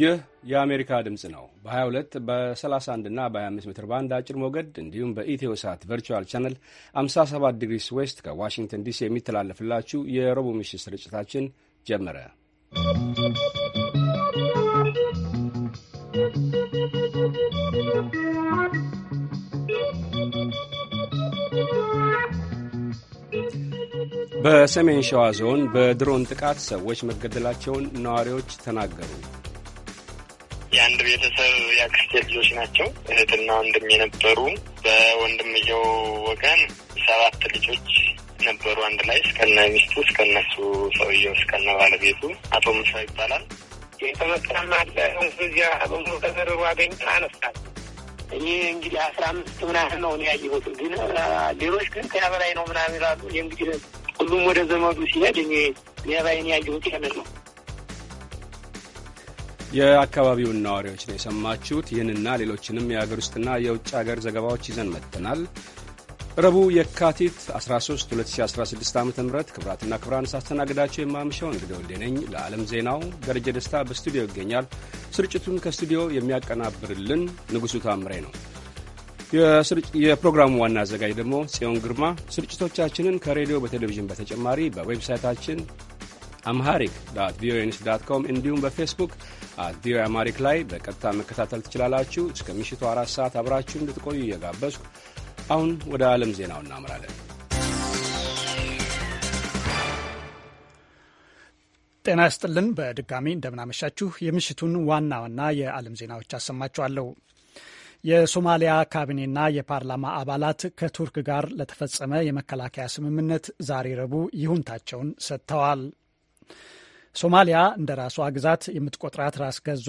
ይህ የአሜሪካ ድምፅ ነው። በ22 በ31 እና በ25 ሜትር ባንድ አጭር ሞገድ እንዲሁም በኢትዮ ሳት ቨርቹዋል ቻነል 57 ዲግሪስ ዌስት ከዋሽንግተን ዲሲ የሚተላለፍላችሁ የረቡዕ ምሽት ስርጭታችን ጀመረ። በሰሜን ሸዋ ዞን በድሮን ጥቃት ሰዎች መገደላቸውን ነዋሪዎች ተናገሩ። የአንድ ቤተሰብ የአክስቴ ልጆች ናቸው። እህትና ወንድም የነበሩ በወንድምየው ወገን ሰባት ልጆች ነበሩ። አንድ ላይ እስከነ ሚስቱ እስከነሱ ሰውየው እስከነ ባለቤቱ አቶ ምሳ ይባላል። የተመጣማለ እዚያ ብዙ ተዘርሮ አገኝ አነስታል። ይህ እንግዲህ አስራ አምስት ምናምን ነው ያየሁት፣ ግን ሌሎች ግን ከያ በላይ ነው ምናምን ይላሉ። እንግዲህ ሁሉም ወደ ዘመዱ ሲሄድ እኔ ሌባ ያየሁት ያለ ነው የአካባቢውን ነዋሪዎች ነው የሰማችሁት። ይህንና ሌሎችንም የአገር ውስጥና የውጭ አገር ዘገባዎች ይዘን መጥተናል። ረቡዕ የካቲት 13 2016 ዓ ም ክብራትና ክብራን ሳስተናግዳቸው የማምሻው እንግዲህ ወልዴ ነኝ። ለዓለም ዜናው ደረጀ ደስታ በስቱዲዮ ይገኛል። ስርጭቱን ከስቱዲዮ የሚያቀናብርልን ንጉሡ ታምሬ ነው። የፕሮግራሙ ዋና አዘጋጅ ደግሞ ጽዮን ግርማ። ስርጭቶቻችንን ከሬዲዮ በቴሌቪዥን በተጨማሪ በዌብሳይታችን አምሃሪክ ዳት ቪኦኤ ኒውስ ዳት ኮም እንዲሁም በፌስቡክ አት ቪኦኤ አማሪክ ላይ በቀጥታ መከታተል ትችላላችሁ። እስከ ምሽቱ አራት ሰዓት አብራችሁ እንድትቆዩ እየጋበዝኩ አሁን ወደ ዓለም ዜናው እናምራለን። ጤና ይስጥልን። በድጋሚ እንደምናመሻችሁ የምሽቱን ዋና ዋና የዓለም ዜናዎች አሰማችኋለሁ። የሶማሊያ ካቢኔና የፓርላማ አባላት ከቱርክ ጋር ለተፈጸመ የመከላከያ ስምምነት ዛሬ ረቡዕ ይሁንታቸውን ሰጥተዋል። ሶማሊያ እንደ ራሷ ግዛት የምትቆጥራት ራስ ገዟ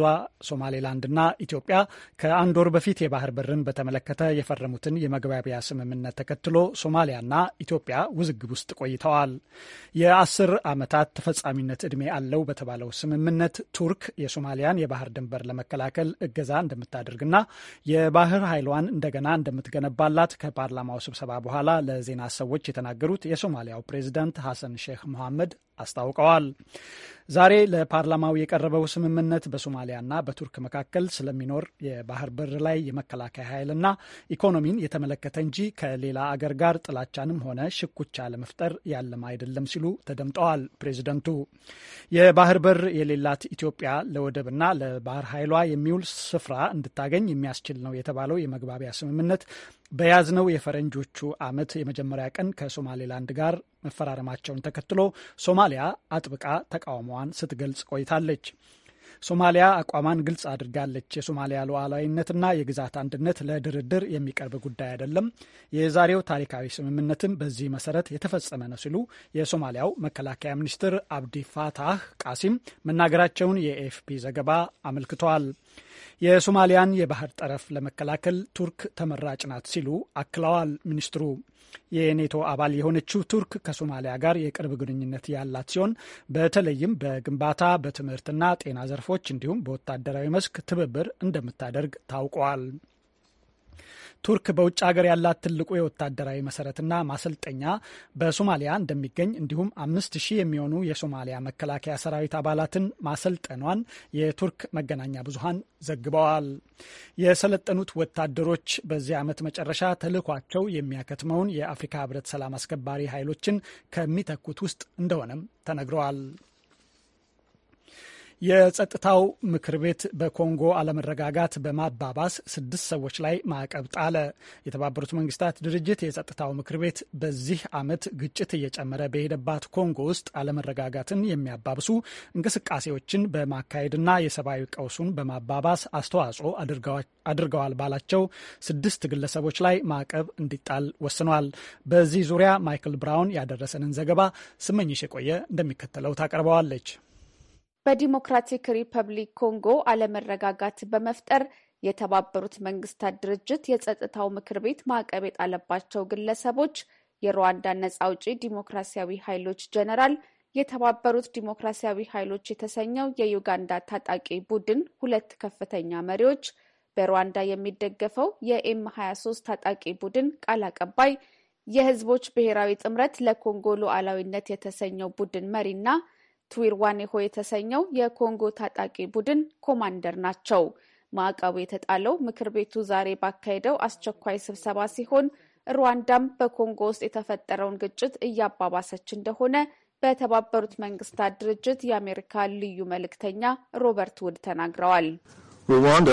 ሶማሌላንድና ኢትዮጵያ ከአንድ ወር በፊት የባህር በርን በተመለከተ የፈረሙትን የመግባቢያ ስምምነት ተከትሎ ሶማሊያና ኢትዮጵያ ውዝግብ ውስጥ ቆይተዋል። የአስር ዓመታት ተፈጻሚነት ዕድሜ አለው በተባለው ስምምነት ቱርክ የሶማሊያን የባህር ድንበር ለመከላከል እገዛ እንደምታደርግና የባህር ኃይሏን እንደገና እንደምትገነባላት ከፓርላማው ስብሰባ በኋላ ለዜና ሰዎች የተናገሩት የሶማሊያው ፕሬዚዳንት ሐሰን ሼህ መሐመድ አስታውቀዋል። ዛሬ ለፓርላማው የቀረበው ስምምነት በሶማሊያና በቱርክ መካከል ስለሚኖር የባህር በር ላይ የመከላከያ ኃይልና ኢኮኖሚን የተመለከተ እንጂ ከሌላ አገር ጋር ጥላቻንም ሆነ ሽኩቻ ለመፍጠር ያለም አይደለም ሲሉ ተደምጠዋል። ፕሬዚደንቱ የባህር በር የሌላት ኢትዮጵያ ለወደብና ለባህር ኃይሏ የሚውል ስፍራ እንድታገኝ የሚያስችል ነው የተባለው የመግባቢያ ስምምነት በያዝነው የፈረንጆቹ ዓመት የመጀመሪያ ቀን ከሶማሌላንድ ጋር መፈራረማቸውን ተከትሎ ሶማሊያ አጥብቃ ተቃውሞዋን ስትገልጽ ቆይታለች። ሶማሊያ አቋሟን ግልጽ አድርጋለች። የሶማሊያ ሉዓላዊነትና የግዛት አንድነት ለድርድር የሚቀርብ ጉዳይ አይደለም፣ የዛሬው ታሪካዊ ስምምነትም በዚህ መሰረት የተፈጸመ ነው ሲሉ የሶማሊያው መከላከያ ሚኒስትር አብዲ ፋታህ ቃሲም መናገራቸውን የኤፍፒ ዘገባ አመልክተዋል። የሶማሊያን የባህር ጠረፍ ለመከላከል ቱርክ ተመራጭ ናት ሲሉ አክለዋል ሚኒስትሩ። የኔቶ አባል የሆነችው ቱርክ ከሶማሊያ ጋር የቅርብ ግንኙነት ያላት ሲሆን በተለይም በግንባታ በትምህርትና ጤና ዘርፎች እንዲሁም በወታደራዊ መስክ ትብብር እንደምታደርግ ታውቋል። ቱርክ በውጭ ሀገር ያላት ትልቁ የወታደራዊ መሰረትና ማሰልጠኛ በሶማሊያ እንደሚገኝ እንዲሁም አምስት ሺህ የሚሆኑ የሶማሊያ መከላከያ ሰራዊት አባላትን ማሰልጠኗን የቱርክ መገናኛ ብዙሃን ዘግበዋል። የሰለጠኑት ወታደሮች በዚህ ዓመት መጨረሻ ተልኳቸው የሚያከትመውን የአፍሪካ ህብረት ሰላም አስከባሪ ኃይሎችን ከሚተኩት ውስጥ እንደሆነም ተነግረዋል። የጸጥታው ምክር ቤት በኮንጎ አለመረጋጋት በማባባስ ስድስት ሰዎች ላይ ማዕቀብ ጣለ። የተባበሩት መንግስታት ድርጅት የጸጥታው ምክር ቤት በዚህ ዓመት ግጭት እየጨመረ በሄደባት ኮንጎ ውስጥ አለመረጋጋትን የሚያባብሱ እንቅስቃሴዎችን በማካሄድና የሰብአዊ ቀውሱን በማባባስ አስተዋጽኦ አድርገዋል ባላቸው ስድስት ግለሰቦች ላይ ማዕቀብ እንዲጣል ወስኗል። በዚህ ዙሪያ ማይክል ብራውን ያደረሰንን ዘገባ ስመኝሽ የቆየ እንደሚከተለው ታቀርበዋለች። በዲሞክራቲክ ሪፐብሊክ ኮንጎ አለመረጋጋት በመፍጠር የተባበሩት መንግስታት ድርጅት የጸጥታው ምክር ቤት ማዕቀብ የጣለባቸው ግለሰቦች የሩዋንዳ ነጻ አውጪ ዲሞክራሲያዊ ኃይሎች ጀነራል፣ የተባበሩት ዲሞክራሲያዊ ኃይሎች የተሰኘው የዩጋንዳ ታጣቂ ቡድን ሁለት ከፍተኛ መሪዎች፣ በሩዋንዳ የሚደገፈው የኤም 23 ታጣቂ ቡድን ቃል አቀባይ፣ የህዝቦች ብሔራዊ ጥምረት ለኮንጎ ሉዓላዊነት የተሰኘው ቡድን መሪና ትዊርዋኔሆ የተሰኘው የኮንጎ ታጣቂ ቡድን ኮማንደር ናቸው። ማዕቀቡ የተጣለው ምክር ቤቱ ዛሬ ባካሄደው አስቸኳይ ስብሰባ ሲሆን ሩዋንዳም በኮንጎ ውስጥ የተፈጠረውን ግጭት እያባባሰች እንደሆነ በተባበሩት መንግስታት ድርጅት የአሜሪካ ልዩ መልእክተኛ ሮበርት ውድ ተናግረዋል። ሩዋንዳ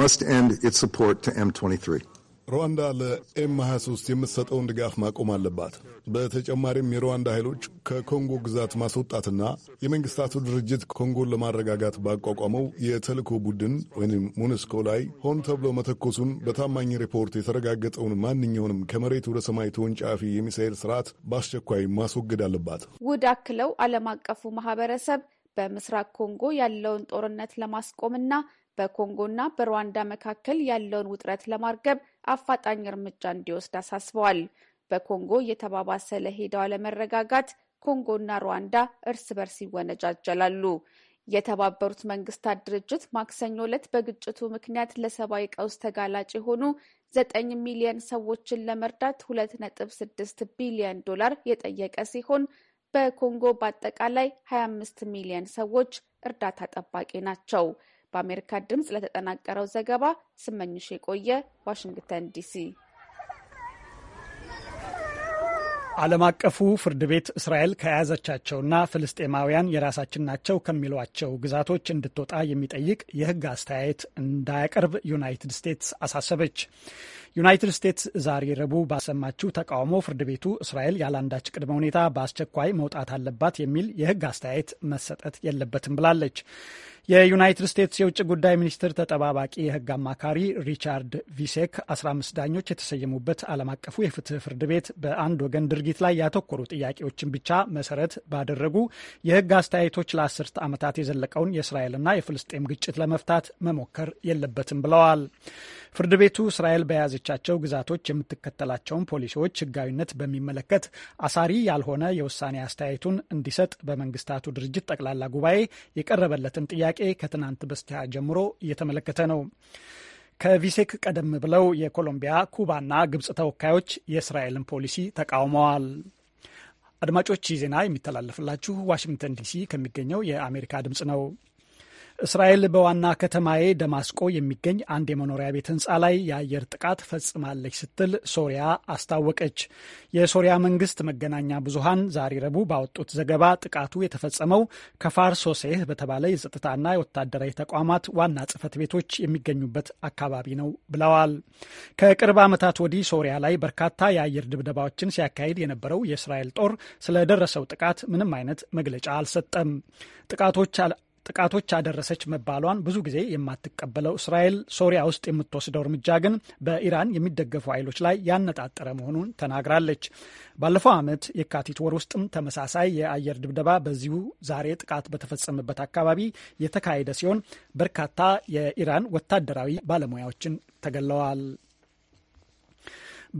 must end its support 23 ሩዋንዳ ለኤም 23 የምትሰጠውን ድጋፍ ማቆም አለባት። በተጨማሪም የሩዋንዳ ኃይሎች ከኮንጎ ግዛት ማስወጣትና የመንግስታቱ ድርጅት ኮንጎን ለማረጋጋት ባቋቋመው የተልእኮ ቡድን ወይም ሙኒስኮ ላይ ሆን ተብሎ መተኮሱን በታማኝ ሪፖርት የተረጋገጠውን ማንኛውንም ከመሬት ወደ ሰማይ ተወንጫፊ የሚሳኤል ስርዓት በአስቸኳይ ማስወገድ አለባት። ውድ አክለው ዓለም አቀፉ ማህበረሰብ በምስራቅ ኮንጎ ያለውን ጦርነት ለማስቆምና በኮንጎና በሩዋንዳ መካከል ያለውን ውጥረት ለማርገብ አፋጣኝ እርምጃ እንዲወስድ አሳስበዋል። በኮንጎ እየተባባሰ ለሄደው አለመረጋጋት ኮንጎና ሩዋንዳ እርስ በርስ ይወነጃጀላሉ። የተባበሩት መንግስታት ድርጅት ማክሰኞ ዕለት በግጭቱ ምክንያት ለሰብአዊ ቀውስ ተጋላጭ የሆኑ ዘጠኝ ሚሊዮን ሰዎችን ለመርዳት ሁለት ነጥብ ስድስት ቢሊዮን ዶላር የጠየቀ ሲሆን በኮንጎ በአጠቃላይ 25 ሚሊዮን ሰዎች እርዳታ ጠባቂ ናቸው። በአሜሪካ ድምፅ ለተጠናቀረው ዘገባ ስመኝሽ የቆየ ዋሽንግተን ዲሲ። ዓለም አቀፉ ፍርድ ቤት እስራኤል ከያዘቻቸውና ፍልስጤማውያን የራሳችን ናቸው ከሚሏቸው ግዛቶች እንድትወጣ የሚጠይቅ የሕግ አስተያየት እንዳያቀርብ ዩናይትድ ስቴትስ አሳሰበች። ዩናይትድ ስቴትስ ዛሬ ረቡዕ ባሰማችው ተቃውሞ ፍርድ ቤቱ እስራኤል ያለአንዳች ቅድመ ሁኔታ በአስቸኳይ መውጣት አለባት የሚል የሕግ አስተያየት መሰጠት የለበትም ብላለች። የዩናይትድ ስቴትስ የውጭ ጉዳይ ሚኒስትር ተጠባባቂ የህግ አማካሪ ሪቻርድ ቪሴክ 15 ዳኞች የተሰየሙበት ዓለም አቀፉ የፍትህ ፍርድ ቤት በአንድ ወገን ድርጊት ላይ ያተኮሩ ጥያቄዎችን ብቻ መሰረት ባደረጉ የህግ አስተያየቶች ለአስርት ዓመታት የዘለቀውን የእስራኤልና የፍልስጤም ግጭት ለመፍታት መሞከር የለበትም ብለዋል። ፍርድ ቤቱ እስራኤል በያዘቻቸው ግዛቶች የምትከተላቸውን ፖሊሲዎች ህጋዊነት በሚመለከት አሳሪ ያልሆነ የውሳኔ አስተያየቱን እንዲሰጥ በመንግስታቱ ድርጅት ጠቅላላ ጉባኤ የቀረበለትን ጥያቄ ከትናንት በስቲያ ጀምሮ እየተመለከተ ነው። ከቪሴክ ቀደም ብለው የኮሎምቢያ ኩባና ግብጽ ተወካዮች የእስራኤልን ፖሊሲ ተቃውመዋል። አድማጮች ይህ ዜና የሚተላለፍላችሁ ዋሽንግተን ዲሲ ከሚገኘው የአሜሪካ ድምፅ ነው። እስራኤል በዋና ከተማዬ ደማስቆ የሚገኝ አንድ የመኖሪያ ቤት ህንፃ ላይ የአየር ጥቃት ፈጽማለች ስትል ሶሪያ አስታወቀች። የሶሪያ መንግስት መገናኛ ብዙሃን ዛሬ ረቡዕ ባወጡት ዘገባ ጥቃቱ የተፈጸመው ከፋርሶሴህ ሶሴህ በተባለ የጸጥታና የወታደራዊ ተቋማት ዋና ጽህፈት ቤቶች የሚገኙበት አካባቢ ነው ብለዋል። ከቅርብ ዓመታት ወዲህ ሶሪያ ላይ በርካታ የአየር ድብደባዎችን ሲያካሂድ የነበረው የእስራኤል ጦር ስለደረሰው ጥቃት ምንም አይነት መግለጫ አልሰጠም። ጥቃቶች ጥቃቶች አደረሰች መባሏን ብዙ ጊዜ የማትቀበለው እስራኤል ሶሪያ ውስጥ የምትወስደው እርምጃ ግን በኢራን የሚደገፉ ኃይሎች ላይ ያነጣጠረ መሆኑን ተናግራለች። ባለፈው ዓመት የካቲት ወር ውስጥም ተመሳሳይ የአየር ድብደባ በዚሁ ዛሬ ጥቃት በተፈጸመበት አካባቢ የተካሄደ ሲሆን በርካታ የኢራን ወታደራዊ ባለሙያዎችን ተገለዋል።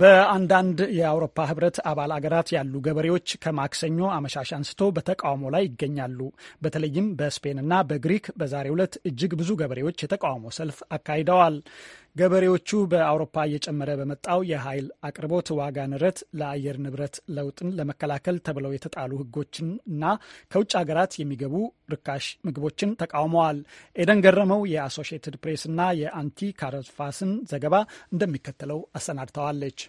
በአንዳንድ የአውሮፓ ህብረት አባል አገራት ያሉ ገበሬዎች ከማክሰኞ አመሻሽ አንስቶ በተቃውሞ ላይ ይገኛሉ። በተለይም በስፔንና በግሪክ በዛሬው ዕለት እጅግ ብዙ ገበሬዎች የተቃውሞ ሰልፍ አካሂደዋል። ገበሬዎቹ በአውሮፓ እየጨመረ በመጣው የኃይል አቅርቦት ዋጋ ንረት ለአየር ንብረት ለውጥን ለመከላከል ተብለው የተጣሉ ሕጎችን እና ከውጭ ሀገራት የሚገቡ ርካሽ ምግቦችን ተቃውመዋል። ኤደን ገረመው የአሶሺየትድ ፕሬስ እና የአንቲ ካረፋስን ዘገባ እንደሚከተለው አሰናድተዋለች።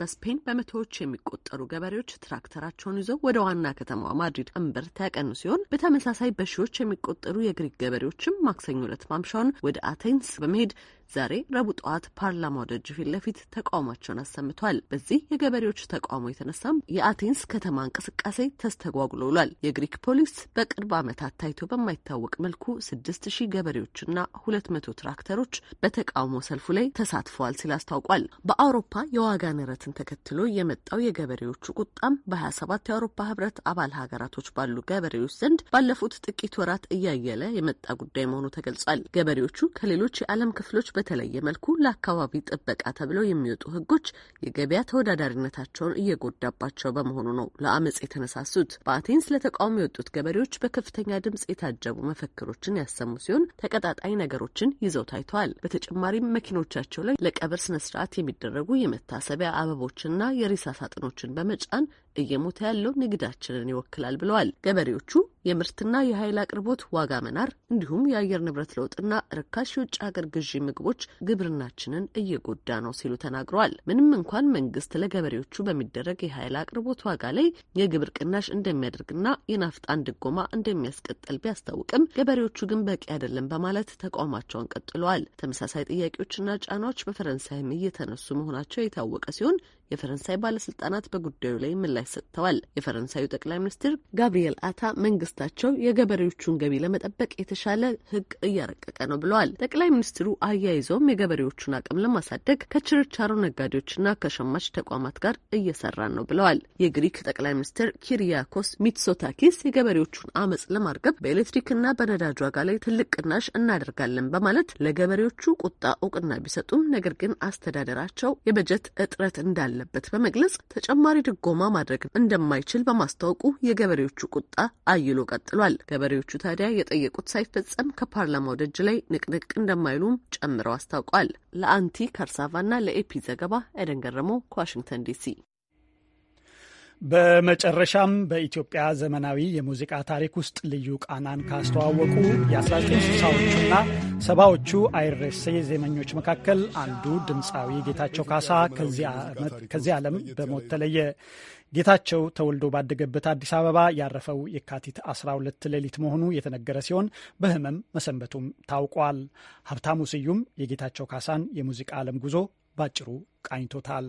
በስፔን በመቶዎች የሚቆጠሩ ገበሬዎች ትራክተራቸውን ይዘው ወደ ዋና ከተማዋ ማድሪድ እምብርት ያቀኑ ሲሆን በተመሳሳይ በሺዎች የሚቆጠሩ የግሪክ ገበሬዎችም ማክሰኞ ዕለት ማምሻውን ወደ አቴንስ በመሄድ ዛሬ ረቡዕ ጠዋት ፓርላማው ደጅ ፊት ለፊት ተቃውሟቸውን አሰምቷል። በዚህ የገበሬዎች ተቃውሞ የተነሳም የአቴንስ ከተማ እንቅስቃሴ ተስተጓጉሎ ውሏል። የግሪክ ፖሊስ በቅርብ ዓመታት ታይቶ በማይታወቅ መልኩ ስድስት ሺህ ገበሬዎችና ሁለት መቶ ትራክተሮች በተቃውሞ ሰልፉ ላይ ተሳትፈዋል ሲል አስታውቋል። በአውሮፓ የዋጋ ንረትን ተከትሎ የመጣው የገበሬዎቹ ቁጣም በ27 የአውሮፓ ህብረት አባል ሀገራቶች ባሉ ገበሬዎች ዘንድ ባለፉት ጥቂት ወራት እያየለ የመጣ ጉዳይ መሆኑ ተገልጿል። ገበሬዎቹ ከሌሎች የዓለም ክፍሎች በተለየ መልኩ ለአካባቢ ጥበቃ ተብለው የሚወጡ ህጎች የገበያ ተወዳዳሪነታቸውን እየጎዳባቸው በመሆኑ ነው ለአመፅ የተነሳሱት። በአቴንስ ለተቃውሞ የወጡት ገበሬዎች በከፍተኛ ድምጽ የታጀቡ መፈክሮችን ያሰሙ ሲሆን ተቀጣጣይ ነገሮችን ይዘው ታይተዋል። በተጨማሪም መኪኖቻቸው ላይ ለቀብር ስነስርዓት የሚደረጉ የመታሰቢያ አበቦችንና የሬሳ ሳጥኖችን በመጫን እየሞተ ያለው ንግዳችንን ይወክላል ብለዋል። ገበሬዎቹ የምርትና የኃይል አቅርቦት ዋጋ መናር እንዲሁም የአየር ንብረት ለውጥና ርካሽ የውጭ ሀገር ግዢ ምግቦች ግብርናችንን እየጎዳ ነው ሲሉ ተናግረዋል። ምንም እንኳን መንግስት ለገበሬዎቹ በሚደረግ የኃይል አቅርቦት ዋጋ ላይ የግብር ቅናሽ እንደሚያደርግና የናፍጣን ድጎማ እንደሚያስቀጥል ቢያስታውቅም ገበሬዎቹ ግን በቂ አይደለም በማለት ተቃውሟቸውን ቀጥለዋል። ተመሳሳይ ጥያቄዎችና ጫናዎች በፈረንሳይም እየተነሱ መሆናቸው የታወቀ ሲሆን የፈረንሳይ ባለስልጣናት በጉዳዩ ላይ ምላሽ ሰጥተዋል። የፈረንሳዩ ጠቅላይ ሚኒስትር ጋብሪኤል አታ መንግስታቸው የገበሬዎቹን ገቢ ለመጠበቅ የተሻለ ህግ እያረቀቀ ነው ብለዋል። ጠቅላይ ሚኒስትሩ አያይዘውም የገበሬዎቹን አቅም ለማሳደግ ከችርቻሮ ነጋዴዎችና ከሸማች ተቋማት ጋር እየሰራ ነው ብለዋል። የግሪክ ጠቅላይ ሚኒስትር ኪሪያኮስ ሚትሶታኪስ የገበሬዎቹን አመፅ ለማርገብ በኤሌክትሪክና በነዳጅ ዋጋ ላይ ትልቅ ቅናሽ እናደርጋለን በማለት ለገበሬዎቹ ቁጣ እውቅና ቢሰጡም ነገር ግን አስተዳደራቸው የበጀት እጥረት እንዳለ እንዳለበት በመግለጽ ተጨማሪ ድጎማ ማድረግ እንደማይችል በማስታወቁ የገበሬዎቹ ቁጣ አይሎ ቀጥሏል። ገበሬዎቹ ታዲያ የጠየቁት ሳይፈጸም ከፓርላማው ደጅ ላይ ንቅንቅ እንደማይሉም ጨምረው አስታውቋል። ለአንቲ ከርሳቫና ለኤፒ ዘገባ ኤደን ገረመው ከዋሽንግተን ዲሲ በመጨረሻም በኢትዮጵያ ዘመናዊ የሙዚቃ ታሪክ ውስጥ ልዩ ቃናን ካስተዋወቁ የ1960ዎቹና ሰባዎቹ አይረሴ ዜመኞች መካከል አንዱ ድምፃዊ ጌታቸው ካሳ ከዚህ ዓለም በሞት ተለየ። ጌታቸው ተወልዶ ባደገበት አዲስ አበባ ያረፈው የካቲት 12 ሌሊት መሆኑ የተነገረ ሲሆን በህመም መሰንበቱም ታውቋል። ሀብታሙ ስዩም የጌታቸው ካሳን የሙዚቃ ዓለም ጉዞ ባጭሩ ቃኝቶታል።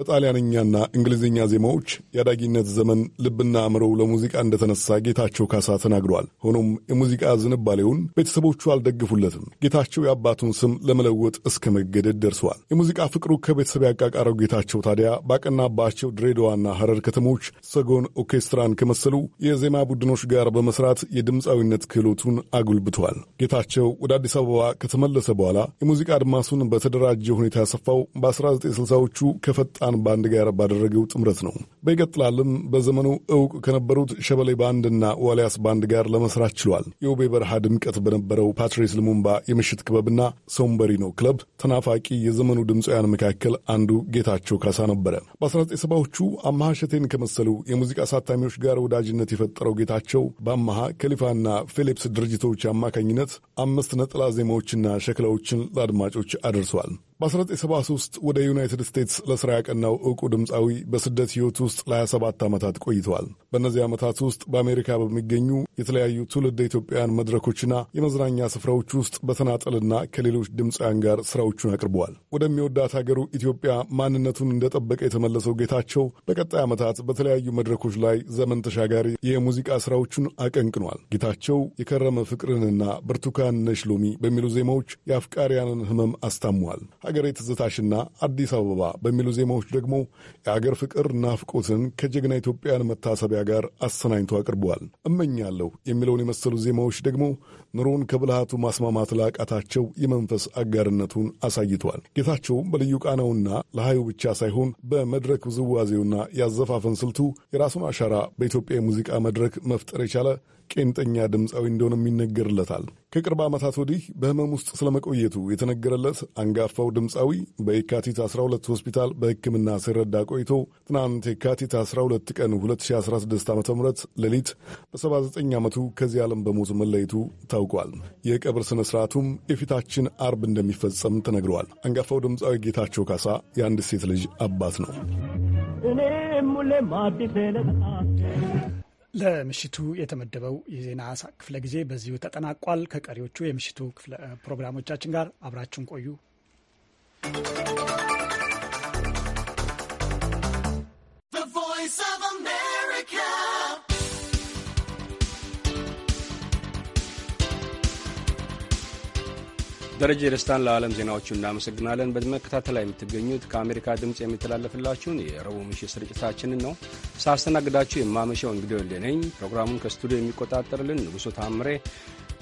በጣሊያንኛና እንግሊዝኛ ዜማዎች የአዳጊነት ዘመን ልብና አእምሮው ለሙዚቃ እንደተነሳ ጌታቸው ካሳ ተናግረዋል። ሆኖም የሙዚቃ ዝንባሌውን ቤተሰቦቹ አልደግፉለትም። ጌታቸው የአባቱን ስም ለመለወጥ እስከ መገደድ ደርሰዋል። የሙዚቃ ፍቅሩ ከቤተሰብ ያቃቃረው ጌታቸው ታዲያ ባቀናባቸው ድሬዳዋና ሐረር ከተሞች ሰጎን ኦርኬስትራን ከመሰሉ የዜማ ቡድኖች ጋር በመስራት የድምፃዊነት ክህሎቱን አጉልብተዋል። ጌታቸው ወደ አዲስ አበባ ከተመለሰ በኋላ የሙዚቃ አድማሱን በተደራጀ ሁኔታ ያሰፋው በ1960ዎቹ ከፈጣ ስልጣን በአንድ ጋር ባደረገው ጥምረት ነው። በይቀጥላልም በዘመኑ እውቅ ከነበሩት ሸበሌ ባንድና ዋልያስ ባንድ ጋር ለመስራት ችሏል። የውቤ በረሃ ድምቀት በነበረው ፓትሪስ ልሙምባ የምሽት ክበብና ሶምበሪኖ ክለብ ተናፋቂ የዘመኑ ድምፃውያን መካከል አንዱ ጌታቸው ካሳ ነበረ። በ1970ዎቹ አመሃ ከመሰሉ የሙዚቃ አሳታሚዎች ጋር ወዳጅነት የፈጠረው ጌታቸው በአመሃ ከሊፋና ፊሊፕስ ድርጅቶች አማካኝነት አምስት ነጠላ ዜማዎችና ሸክላዎችን ለአድማጮች አድርሰዋል። በ1973 ወደ ዩናይትድ ስቴትስ ለሥራ ያቀናው ዕውቁ ድምፃዊ በስደት ሕይወት ውስጥ ለ27 ዓመታት ቆይተዋል። በእነዚህ ዓመታት ውስጥ በአሜሪካ በሚገኙ የተለያዩ ትውልድ ኢትዮጵያውያን መድረኮችና የመዝናኛ ስፍራዎች ውስጥ በተናጠልና ከሌሎች ድምፃውያን ጋር ሥራዎቹን አቅርበዋል። ወደሚወዳት ሀገሩ ኢትዮጵያ ማንነቱን እንደጠበቀ የተመለሰው ጌታቸው በቀጣይ ዓመታት በተለያዩ መድረኮች ላይ ዘመን ተሻጋሪ የሙዚቃ ሥራዎቹን አቀንቅኗል። ጌታቸው የከረመ ፍቅርንና ብርቱካን ነሽ ሎሚ በሚሉ ዜማዎች የአፍቃሪያንን ህመም አስታሟል። ሀገሬ ትዝታሽና አዲስ አበባ በሚሉ ዜማዎች ደግሞ የአገር ፍቅር ናፍቆትን ከጀግና ኢትዮጵያን መታሰቢያ ጋር አሰናኝቶ አቅርበዋል። እመኛለሁ የሚለውን የመሰሉ ዜማዎች ደግሞ ኑሮን ከብልሃቱ ማስማማት ላቃታቸው የመንፈስ አጋርነቱን አሳይቷል። ጌታቸው በልዩ ቃናውና ለሀዩ ብቻ ሳይሆን በመድረክ ውዝዋዜውና ያዘፋፈን ስልቱ የራሱን አሻራ በኢትዮጵያ የሙዚቃ መድረክ መፍጠር የቻለ ቄንጠኛ ድምፃዊ እንደሆነም ይነገርለታል። ከቅርብ ዓመታት ወዲህ በህመም ውስጥ ስለመቆየቱ የተነገረለት አንጋፋው ድምፃዊ በየካቲት 12 ሆስፒታል በሕክምና ሲረዳ ቆይቶ ትናንት የካቲት 12 ቀን 2016 ዓ ም ሌሊት በ79 ዓመቱ ከዚህ ዓለም በሞት መለየቱ ታውቋል። የቀብር ሥነ ሥርዓቱም የፊታችን አርብ እንደሚፈጸም ተነግረዋል። አንጋፋው ድምፃዊ ጌታቸው ካሳ የአንድ ሴት ልጅ አባት ነው። ለምሽቱ የተመደበው የዜና ክፍለ ጊዜ በዚሁ ተጠናቋል። ከቀሪዎቹ የምሽቱ ፕሮግራሞቻችን ጋር አብራችሁን ቆዩ። The ደረጀ ደስታን ለዓለም ዜናዎቹ እናመሰግናለን። በመከታተል ላይ የምትገኙት ከአሜሪካ ድምፅ የሚተላለፍላችሁን የረቡዕ ምሽት ስርጭታችንን ነው። ሳስተናግዳችሁ የማመሸው እንግዲህ ነኝ። ፕሮግራሙን ከስቱዲዮ የሚቆጣጠርልን ንጉሶ ታምሬ፣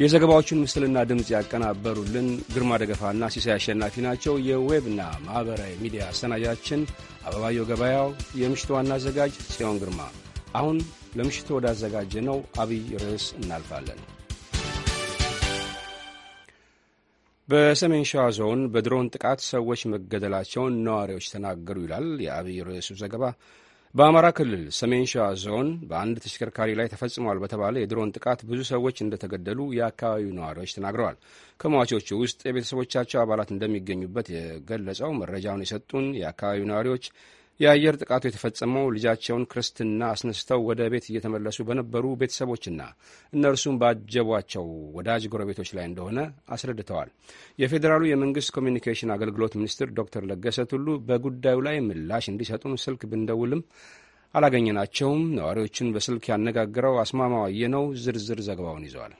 የዘገባዎቹን ምስልና ድምፅ ያቀናበሩልን ግርማ ደገፋና ሲሳይ አሸናፊ ናቸው። የዌብና ማኅበራዊ ሚዲያ አሰናጃችን አበባየው ገበያው፣ የምሽቱ ዋና አዘጋጅ ጽዮን ግርማ። አሁን ለምሽቱ ወዳዘጋጀ ነው አብይ ርዕስ እናልፋለን። በሰሜን ሸዋ ዞን በድሮን ጥቃት ሰዎች መገደላቸውን ነዋሪዎች ተናገሩ ይላል የአብይ ርዕሱ ዘገባ። በአማራ ክልል ሰሜን ሸዋ ዞን በአንድ ተሽከርካሪ ላይ ተፈጽሟል በተባለ የድሮን ጥቃት ብዙ ሰዎች እንደተገደሉ የአካባቢው ነዋሪዎች ተናግረዋል። ከሟቾቹ ውስጥ የቤተሰቦቻቸው አባላት እንደሚገኙበት የገለጸው መረጃውን የሰጡን የአካባቢው ነዋሪዎች የአየር ጥቃቱ የተፈጸመው ልጃቸውን ክርስትና አስነስተው ወደ ቤት እየተመለሱ በነበሩ ቤተሰቦችና እነርሱም ባጀቧቸው ወዳጅ ጎረቤቶች ላይ እንደሆነ አስረድተዋል። የፌዴራሉ የመንግስት ኮሚኒኬሽን አገልግሎት ሚኒስትር ዶክተር ለገሰ ቱሉ በጉዳዩ ላይ ምላሽ እንዲሰጡን ስልክ ብንደውልም አላገኘናቸውም። ነዋሪዎችን በስልክ ያነጋግረው አስማማው አየነው ዝርዝር ዘገባውን ይዘዋል።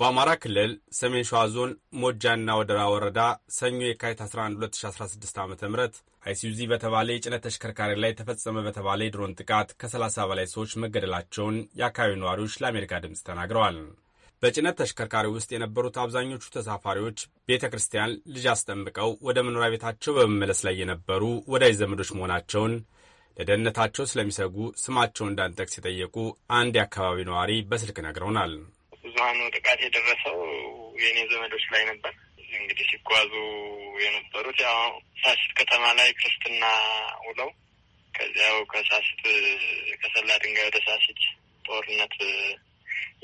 በአማራ ክልል ሰሜን ሸዋ ዞን ሞጃና ወደራ ወረዳ ሰኞ የካቲት 11 2016 ዓ ም አይሱዚ በተባለ የጭነት ተሽከርካሪ ላይ ተፈጸመ በተባለ የድሮን ጥቃት ከ30 በላይ ሰዎች መገደላቸውን የአካባቢው ነዋሪዎች ለአሜሪካ ድምፅ ተናግረዋል። በጭነት ተሽከርካሪ ውስጥ የነበሩት አብዛኞቹ ተሳፋሪዎች ቤተ ክርስቲያን ልጅ አስጠምቀው ወደ መኖሪያ ቤታቸው በመመለስ ላይ የነበሩ ወዳጅ ዘመዶች መሆናቸውን ለደህንነታቸው ስለሚሰጉ ስማቸው እንዳንጠቅስ የጠየቁ አንድ የአካባቢው ነዋሪ በስልክ ነግረውናል። ብዙሀኑ ጥቃት የደረሰው የእኔ ዘመዶች ላይ ነበር። እንግዲህ ሲጓዙ የነበሩት ያው ሳስት ከተማ ላይ ክርስትና ውለው ከዚያው ከሳስት ከሰላ ድንጋይ ወደ ሳስት ጦርነት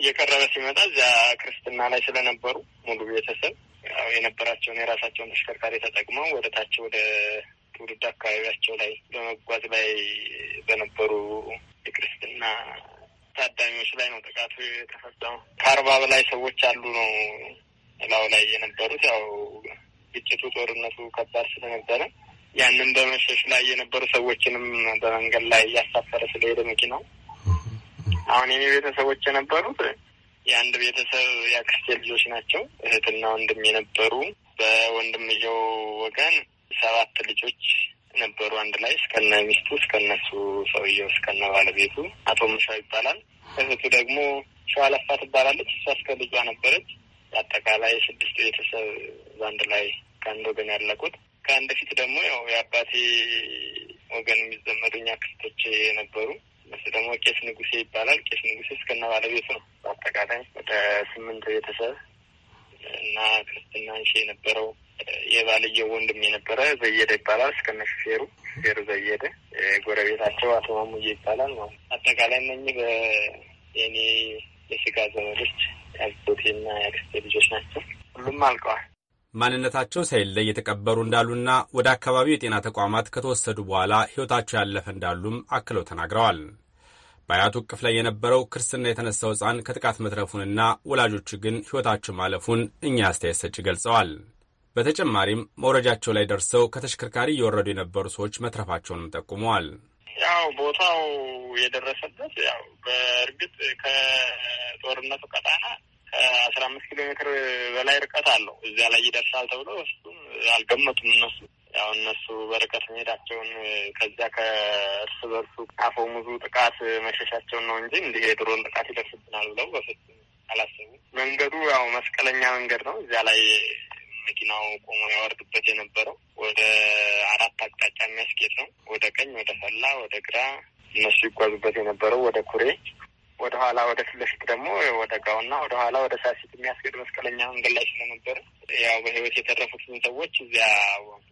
እየቀረበ ሲመጣ እዚያ ክርስትና ላይ ስለነበሩ ሙሉ ቤተሰብ ያው የነበራቸውን የራሳቸውን ተሽከርካሪ ተጠቅመው ወደ ታች ወደ ትውልድ አካባቢያቸው ላይ በመጓዝ ላይ በነበሩ የክርስትና ታዳሚዎች ላይ ነው ጥቃቱ የተፈጸመው። ከአርባ በላይ ሰዎች አሉ ነው ጥላው ላይ የነበሩት ያው ግጭቱ ጦርነቱ ከባድ ስለነበረ ያንን በመሸሽ ላይ የነበሩ ሰዎችንም በመንገድ ላይ እያሳፈረ ስለሄደ መኪናው አሁን የኔ ቤተሰቦች የነበሩት የአንድ ቤተሰብ የአክስቴ ልጆች ናቸው። እህትና ወንድም የነበሩ በወንድምየው ወገን ሰባት ልጆች ነበሩ። አንድ ላይ እስከነ ሚስቱ እስከነሱ ሰውየው እስከነ ባለቤቱ አቶ ምሻው ይባላል። እህቱ ደግሞ ሸዋለፋ ትባላለች። እሷ እስከ ልጇ ነበረች። አጠቃላይ ስድስት ቤተሰብ በአንድ ላይ ከአንድ ወገን ያለቁት ከአንድ ፊት ደግሞ ያው የአባቴ ወገን የሚዘመዱኝ አክስቶች የነበሩ እሱ ደግሞ ቄስ ንጉሴ ይባላል። ቄስ ንጉሴ እስከነ ባለቤቱ ነው። በአጠቃላይ ወደ ስምንት ቤተሰብ እና ክርስትና አንሺ የነበረው የባልየው ወንድም የነበረ ዘየደ ይባላል። እስከነ ሹፌሩ ሹፌሩ ዘየደ፣ ጎረቤታቸው አቶ ማሙዬ ይባላል። አጠቃላይ እነኚህ በእኔ የስጋ ዘመዶች ያጎቴና ያክስቴ ልጆች ናቸው። ሁሉም አልቀዋል። ማንነታቸው ሳይለይ የተቀበሩ እንዳሉና ወደ አካባቢው የጤና ተቋማት ከተወሰዱ በኋላ ሕይወታቸው ያለፈ እንዳሉም አክለው ተናግረዋል። በአያቱ እቅፍ ላይ የነበረው ክርስትና የተነሳው ሕፃን ከጥቃት መትረፉንና ወላጆቹ ግን ሕይወታቸው ማለፉን እኛ አስተያየት ሰጪ ገልጸዋል። በተጨማሪም መውረጃቸው ላይ ደርሰው ከተሽከርካሪ እየወረዱ የነበሩ ሰዎች መትረፋቸውንም ጠቁመዋል። ያው ቦታው የደረሰበት ያው በእርግጥ ከጦርነቱ ቀጣና ከአስራ አምስት ኪሎ ሜትር በላይ ርቀት አለው። እዚያ ላይ ይደርሳል ተብሎ እሱም አልገመቱም እነሱ ያው እነሱ በርቀት መሄዳቸውን ከዚያ ከእርስ በርሱ ሙዙ ጥቃት መሸሻቸውን ነው እንጂ እንዲህ የድሮን ጥቃት ይደርስብናል ብለው በፍጹም አላሰቡም። መንገዱ ያው መስቀለኛ መንገድ ነው። እዚያ ላይ መኪናው ቆሞ ያወርድበት የነበረው ወደ አራት አቅጣጫ የሚያስጌጥ ነው። ወደ ቀኝ፣ ወደ ፈላ፣ ወደ ግራ እነሱ ይጓዙበት የነበረው ወደ ኩሬ፣ ወደ ኋላ፣ ወደ ፊት ለፊት ደግሞ ወደ ጋውና ወደ ኋላ ወደ ሳሲት የሚያስገድ መስቀለኛ መንገድ ላይ ስለነበረ ያው በህይወት የተረፉትን ሰዎች እዚያ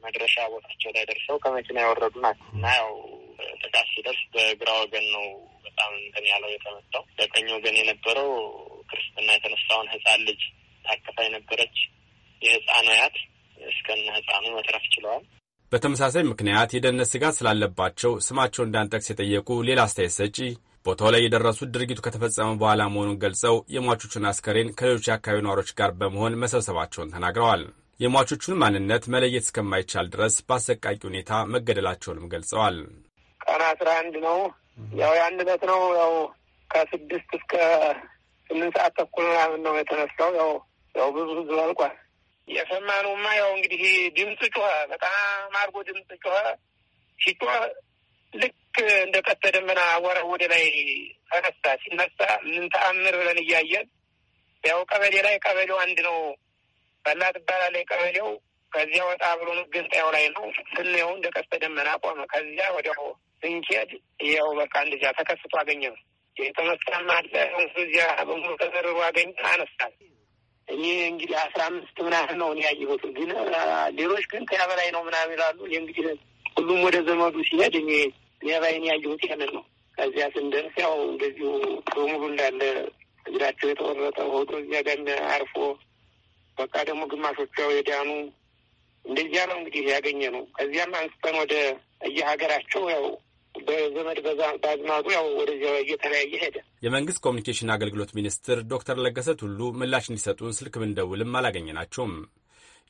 መድረሻ ቦታቸው ላይ ደርሰው ከመኪና ያወረዱ ናቸው እና ያው ጥቃት ሲደርስ በግራ ወገን ነው በጣም እንትን ያለው የተመታው። በቀኝ ወገን የነበረው ክርስትና የተነሳውን ህፃን ልጅ ታቅፋ የነበረች የህፃን እስከነ ህፃኑ መትረፍ ችለዋል። በተመሳሳይ ምክንያት የደህንነት ስጋት ስላለባቸው ስማቸው እንዳንጠቅስ የጠየቁ ሌላ አስተያየት ሰጪ ቦታው ላይ የደረሱት ድርጊቱ ከተፈጸመ በኋላ መሆኑን ገልጸው የሟቾቹን አስከሬን ከሌሎች የአካባቢ ነዋሪዎች ጋር በመሆን መሰብሰባቸውን ተናግረዋል። የሟቾቹን ማንነት መለየት እስከማይቻል ድረስ በአሰቃቂ ሁኔታ መገደላቸውንም ገልጸዋል። ቀን አስራ አንድ ነው። ያው የአንድ ዕለት ነው። ያው ከስድስት እስከ ስምንት ሰዓት ተኩል ምናምን ነው የተነሳው። ያው ያው ብዙ ህዝብ አልቋል። የሰማነውማ ያው እንግዲህ ድምፅ ጮኸ፣ በጣም አድርጎ ድምፅ ጮኸ። ሲጮህ ልክ እንደ ቀስተ ደመና ወረ ወደ ላይ ተነሳ። ሲነሳ ምን ተአምር ብለን እያየን ያው ቀበሌ ላይ ቀበሌው አንድ ነው በላ ትባላለች ቀበሌው። ከዚያ ወጣ ብሎ ግንጣያው ላይ ነው ስናየው እንደ ቀስተ ደመና ቆመ። ከዚያ ወዲያው ስንኬድ ያው በቃ እንደዚያ ተከስቶ አገኘ ነው የተመሳም አለ እዚያ በሙሉ ተዘርሮ አገኘ አነሳል እኔ እንግዲህ አስራ አምስት ምናምን ነው እኔ ያየሁት፣ ግን ሌሎች ግን ከያ በላይ ነው ምናምን ይላሉ። እንግዲህ ሁሉም ወደ ዘመዱ ሲሄድ እኔ እኔ ባይኔ ያየሁት ያንን ነው። ከዚያ ስንደርስ ያው እንደዚሁ በሙሉ እንዳለ እግራቸው የተወረጠ ሆቶ እዚያ ደን አርፎ በቃ ደግሞ ግማሾቹ ያው የዳኑ እንደዚያ ነው እንግዲህ ያገኘ ነው። ከዚያም አንስተን ወደ እየሀገራቸው ያው በዘመድ በአዝማዱ ያው ወደዚያ እየተለያየ ሄደ። የመንግስት ኮሚኒኬሽን አገልግሎት ሚኒስትር ዶክተር ለገሰ ቱሉ ምላሽ እንዲሰጡን ስልክ ብንደውልም ናቸውም።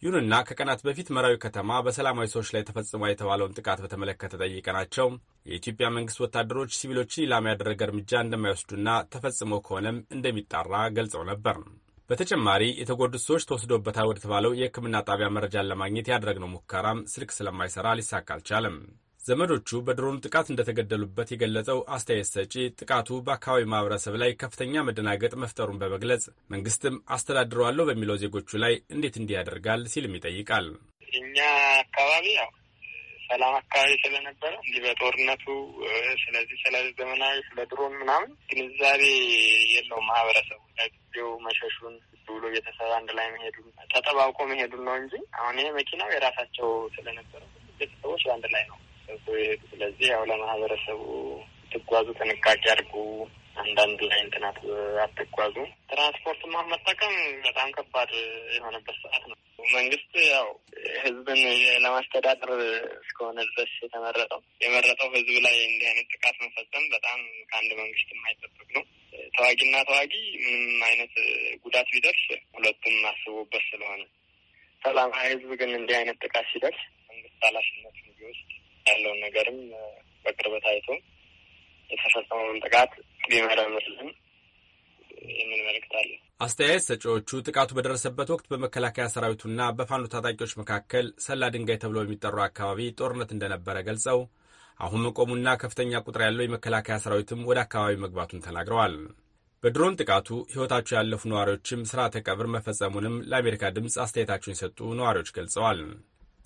ይሁንና ከቀናት በፊት መራዊ ከተማ በሰላማዊ ሰዎች ላይ ተፈጽሟል የተባለውን ጥቃት በተመለከተ ጠይቀናቸው የኢትዮጵያ መንግስት ወታደሮች ሲቪሎችን ኢላማ ያደረገ እርምጃ እንደማይወስዱና ተፈጽሞ ከሆነም እንደሚጣራ ገልጸው ነበር። በተጨማሪ የተጎዱት ሰዎች ተወስዶበታል ወደ ተባለው የሕክምና ጣቢያ መረጃን ለማግኘት ያደረግነው ሙከራም ስልክ ስለማይሰራ ሊሳካ አልቻለም። ዘመዶቹ በድሮኑ ጥቃት እንደተገደሉበት የገለጸው አስተያየት ሰጪ ጥቃቱ በአካባቢው ማህበረሰብ ላይ ከፍተኛ መደናገጥ መፍጠሩን በመግለጽ መንግስትም አስተዳድረዋለሁ በሚለው ዜጎቹ ላይ እንዴት እንዲህ ያደርጋል ሲልም ይጠይቃል። እኛ አካባቢ ያው ሰላም አካባቢ ስለነበረ እንዲህ በጦርነቱ ስለዚህ ስለ ዘመናዊ ስለ ድሮን ምናምን ግንዛቤ የለው ማህበረሰቡ ለጊዜው መሸሹን ብሎ ቤተሰብ አንድ ላይ መሄዱን ተጠባብቆ መሄዱን ነው እንጂ አሁን ይሄ መኪናው የራሳቸው ስለነበረ ቤተሰቦች በአንድ ላይ ነው ሰው ይሄዱ። ስለዚህ ያው ለማህበረሰቡ ትጓዙ፣ ጥንቃቄ አድርጉ። አንዳንድ ላይ እንትናት አትጓዙ። ትራንስፖርት መጠቀም በጣም ከባድ የሆነበት ሰዓት ነው። መንግስት ያው ህዝብን ለማስተዳደር እስከሆነ ድረስ የተመረጠው የመረጠው ህዝብ ላይ እንዲህ አይነት ጥቃት መፈጸም በጣም ከአንድ መንግስት የማይጠበቅ ነው። ተዋጊና ተዋጊ ምንም አይነት ጉዳት ቢደርስ ሁለቱም አስቦበት ስለሆነ ሰላማዊ ህዝብ ግን እንዲህ አይነት ጥቃት ሲደርስ መንግስት ኃላፊነት ጊዜ ውስጥ ያለውን ነገርም በቅርበት አይቶ የተፈጸመውን ጥቃት ቢመረምርልን የሚል አስተያየት ሰጪዎቹ ጥቃቱ በደረሰበት ወቅት በመከላከያ ሰራዊቱና በፋኖ ታጣቂዎች መካከል ሰላ ድንጋይ ተብሎ በሚጠራው አካባቢ ጦርነት እንደነበረ ገልጸው አሁን መቆሙና ከፍተኛ ቁጥር ያለው የመከላከያ ሰራዊትም ወደ አካባቢ መግባቱን ተናግረዋል። በድሮን ጥቃቱ ሕይወታቸው ያለፉ ነዋሪዎችም ስርዓተ ቀብር መፈጸሙንም ለአሜሪካ ድምፅ አስተያየታቸውን የሰጡ ነዋሪዎች ገልጸዋል።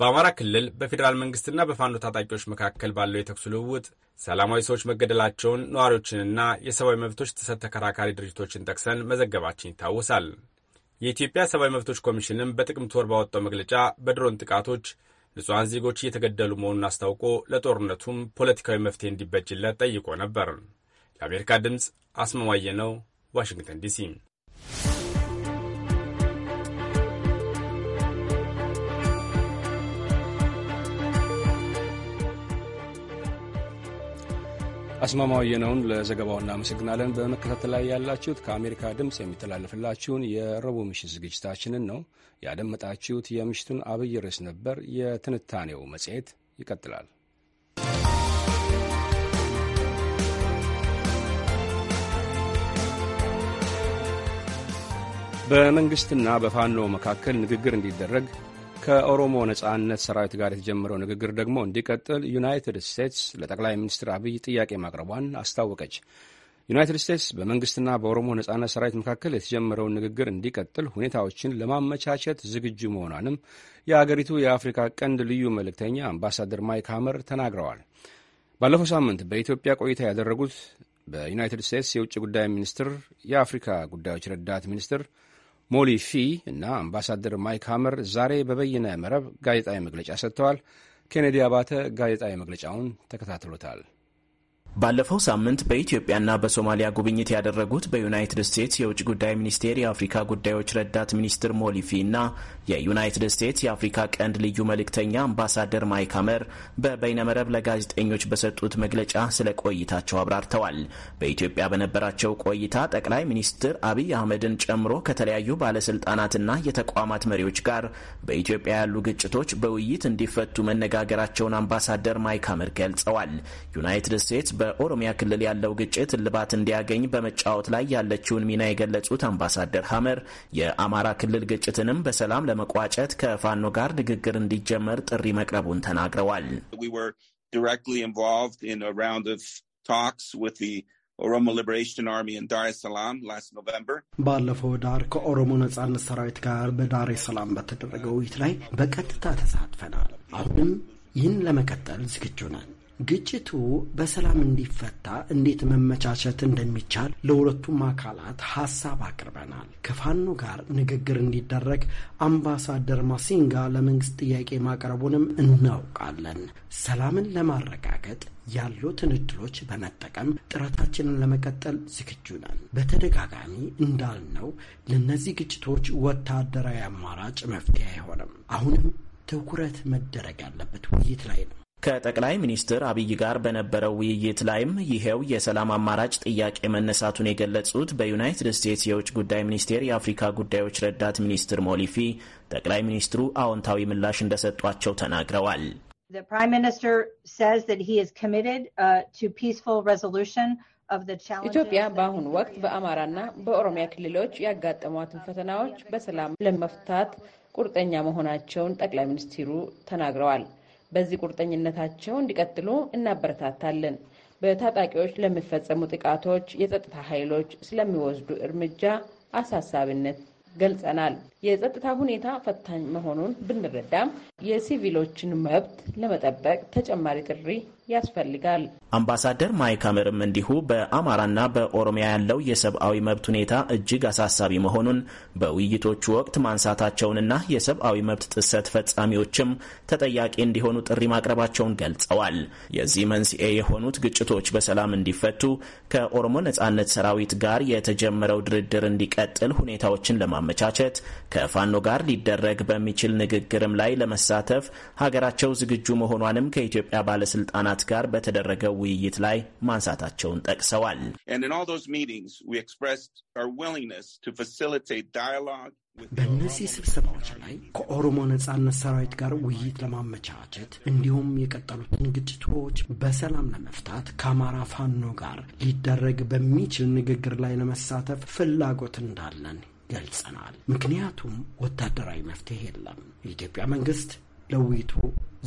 በአማራ ክልል በፌዴራል መንግስትና በፋኖ ታጣቂዎች መካከል ባለው የተኩስ ልውውጥ ሰላማዊ ሰዎች መገደላቸውን ነዋሪዎችንና የሰብአዊ መብቶች ጥሰት ተከራካሪ ድርጅቶችን ጠቅሰን መዘገባችን ይታወሳል። የኢትዮጵያ ሰብአዊ መብቶች ኮሚሽንም በጥቅምት ወር ባወጣው መግለጫ በድሮን ጥቃቶች ንጹሐን ዜጎች እየተገደሉ መሆኑን አስታውቆ ለጦርነቱም ፖለቲካዊ መፍትሄ እንዲበጅለት ጠይቆ ነበር። ለአሜሪካ ድምፅ አስመማየ ነው፣ ዋሽንግተን ዲሲ አስማማው የነውን ለዘገባው እናመሰግናለን። በመከታተል ላይ ያላችሁት ከአሜሪካ ድምፅ የሚተላለፍላችሁን የረቡዕ ምሽት ዝግጅታችንን ነው ያደመጣችሁት። የምሽቱን አብይ ርዕስ ነበር። የትንታኔው መጽሔት ይቀጥላል። በመንግሥትና በፋኖ መካከል ንግግር እንዲደረግ ከኦሮሞ ነጻነት ሰራዊት ጋር የተጀመረው ንግግር ደግሞ እንዲቀጥል ዩናይትድ ስቴትስ ለጠቅላይ ሚኒስትር አብይ ጥያቄ ማቅረቧን አስታወቀች። ዩናይትድ ስቴትስ በመንግስትና በኦሮሞ ነጻነት ሰራዊት መካከል የተጀመረውን ንግግር እንዲቀጥል ሁኔታዎችን ለማመቻቸት ዝግጁ መሆኗንም የአገሪቱ የአፍሪካ ቀንድ ልዩ መልእክተኛ አምባሳደር ማይክ ሀመር ተናግረዋል። ባለፈው ሳምንት በኢትዮጵያ ቆይታ ያደረጉት በዩናይትድ ስቴትስ የውጭ ጉዳይ ሚኒስትር የአፍሪካ ጉዳዮች ረዳት ሚኒስትር ሞሊ ፊ እና አምባሳደር ማይክ ሃመር ዛሬ በበይነ መረብ ጋዜጣዊ መግለጫ ሰጥተዋል። ኬኔዲ አባተ ጋዜጣዊ መግለጫውን ተከታትሎታል። ባለፈው ሳምንት በኢትዮጵያና በሶማሊያ ጉብኝት ያደረጉት በዩናይትድ ስቴትስ የውጭ ጉዳይ ሚኒስቴር የአፍሪካ ጉዳዮች ረዳት ሚኒስትር ሞሊፊ እና የዩናይትድ ስቴትስ የአፍሪካ ቀንድ ልዩ መልእክተኛ አምባሳደር ማይክ ሀመር በበይነመረብ ለጋዜጠኞች በሰጡት መግለጫ ስለ ቆይታቸው አብራርተዋል። በኢትዮጵያ በነበራቸው ቆይታ ጠቅላይ ሚኒስትር አብይ አህመድን ጨምሮ ከተለያዩ ባለስልጣናትና የተቋማት መሪዎች ጋር በኢትዮጵያ ያሉ ግጭቶች በውይይት እንዲፈቱ መነጋገራቸውን አምባሳደር ማይክ ሀመር ገልጸዋል። ዩናይትድ ስቴትስ በኦሮሚያ ክልል ያለው ግጭት እልባት እንዲያገኝ በመጫወት ላይ ያለችውን ሚና የገለጹት አምባሳደር ሀመር የአማራ ክልል ግጭትንም በሰላም ለመቋጨት ከፋኖ ጋር ንግግር እንዲጀመር ጥሪ መቅረቡን ተናግረዋል። ኦሮሞ ሊበሬሽን አርሚ ኢን ሰላም ላስት ኖቨምበር ባለፈው ዳር ከኦሮሞ ነጻነት ሰራዊት ጋር በዳሬ ሰላም በተደረገ ውይይት ላይ በቀጥታ ተሳትፈናል። አሁንም ይህን ለመቀጠል ዝግጁ ነን። ግጭቱ በሰላም እንዲፈታ እንዴት መመቻቸት እንደሚቻል ለሁለቱም አካላት ሀሳብ አቅርበናል። ከፋኖ ጋር ንግግር እንዲደረግ አምባሳደር ማሲንጋ ለመንግስት ጥያቄ ማቅረቡንም እናውቃለን። ሰላምን ለማረጋገጥ ያሉትን እድሎች በመጠቀም ጥረታችንን ለመቀጠል ዝግጁ ነን። በተደጋጋሚ እንዳልነው ለእነዚህ ግጭቶች ወታደራዊ አማራጭ መፍትሄ አይሆንም። አሁንም ትኩረት መደረግ ያለበት ውይይት ላይ ነው። ከጠቅላይ ሚኒስትር አብይ ጋር በነበረው ውይይት ላይም ይሄው የሰላም አማራጭ ጥያቄ መነሳቱን የገለጹት በዩናይትድ ስቴትስ የውጭ ጉዳይ ሚኒስቴር የአፍሪካ ጉዳዮች ረዳት ሚኒስትር ሞሊፊ ጠቅላይ ሚኒስትሩ አዎንታዊ ምላሽ እንደሰጧቸው ተናግረዋል። uh, ኢትዮጵያ በአሁኑ ወቅት በአማራና በኦሮሚያ ክልሎች ያጋጠሟትን ፈተናዎች በሰላም ለመፍታት ቁርጠኛ መሆናቸውን ጠቅላይ ሚኒስትሩ ተናግረዋል። በዚህ ቁርጠኝነታቸው እንዲቀጥሉ እናበረታታለን። በታጣቂዎች ለሚፈጸሙ ጥቃቶች የጸጥታ ኃይሎች ስለሚወስዱ እርምጃ አሳሳቢነት ገልጸናል። የጸጥታ ሁኔታ ፈታኝ መሆኑን ብንረዳም የሲቪሎችን መብት ለመጠበቅ ተጨማሪ ጥሪ ያስፈልጋል። አምባሳደር ማይክ አመርም እንዲሁ በአማራና በኦሮሚያ ያለው የሰብአዊ መብት ሁኔታ እጅግ አሳሳቢ መሆኑን በውይይቶቹ ወቅት ማንሳታቸውንና የሰብአዊ መብት ጥሰት ፈጻሚዎችም ተጠያቂ እንዲሆኑ ጥሪ ማቅረባቸውን ገልጸዋል። የዚህ መንስኤ የሆኑት ግጭቶች በሰላም እንዲፈቱ ከኦሮሞ ነጻነት ሰራዊት ጋር የተጀመረው ድርድር እንዲቀጥል ሁኔታዎችን ለማመቻቸት ከፋኖ ጋር ሊደረግ በሚችል ንግግርም ላይ ለመሳተፍ ሀገራቸው ዝግጁ መሆኗንም ከኢትዮጵያ ባለስልጣናት ጋር በተደረገው ውይይት ላይ ማንሳታቸውን ጠቅሰዋል። በእነዚህ ስብሰባዎች ላይ ከኦሮሞ ነጻነት ሰራዊት ጋር ውይይት ለማመቻቸት እንዲሁም የቀጠሉትን ግጭቶች በሰላም ለመፍታት ከአማራ ፋኖ ጋር ሊደረግ በሚችል ንግግር ላይ ለመሳተፍ ፍላጎት እንዳለን ገልጸናል። ምክንያቱም ወታደራዊ መፍትሄ የለም። የኢትዮጵያ መንግስት ለውይይቱ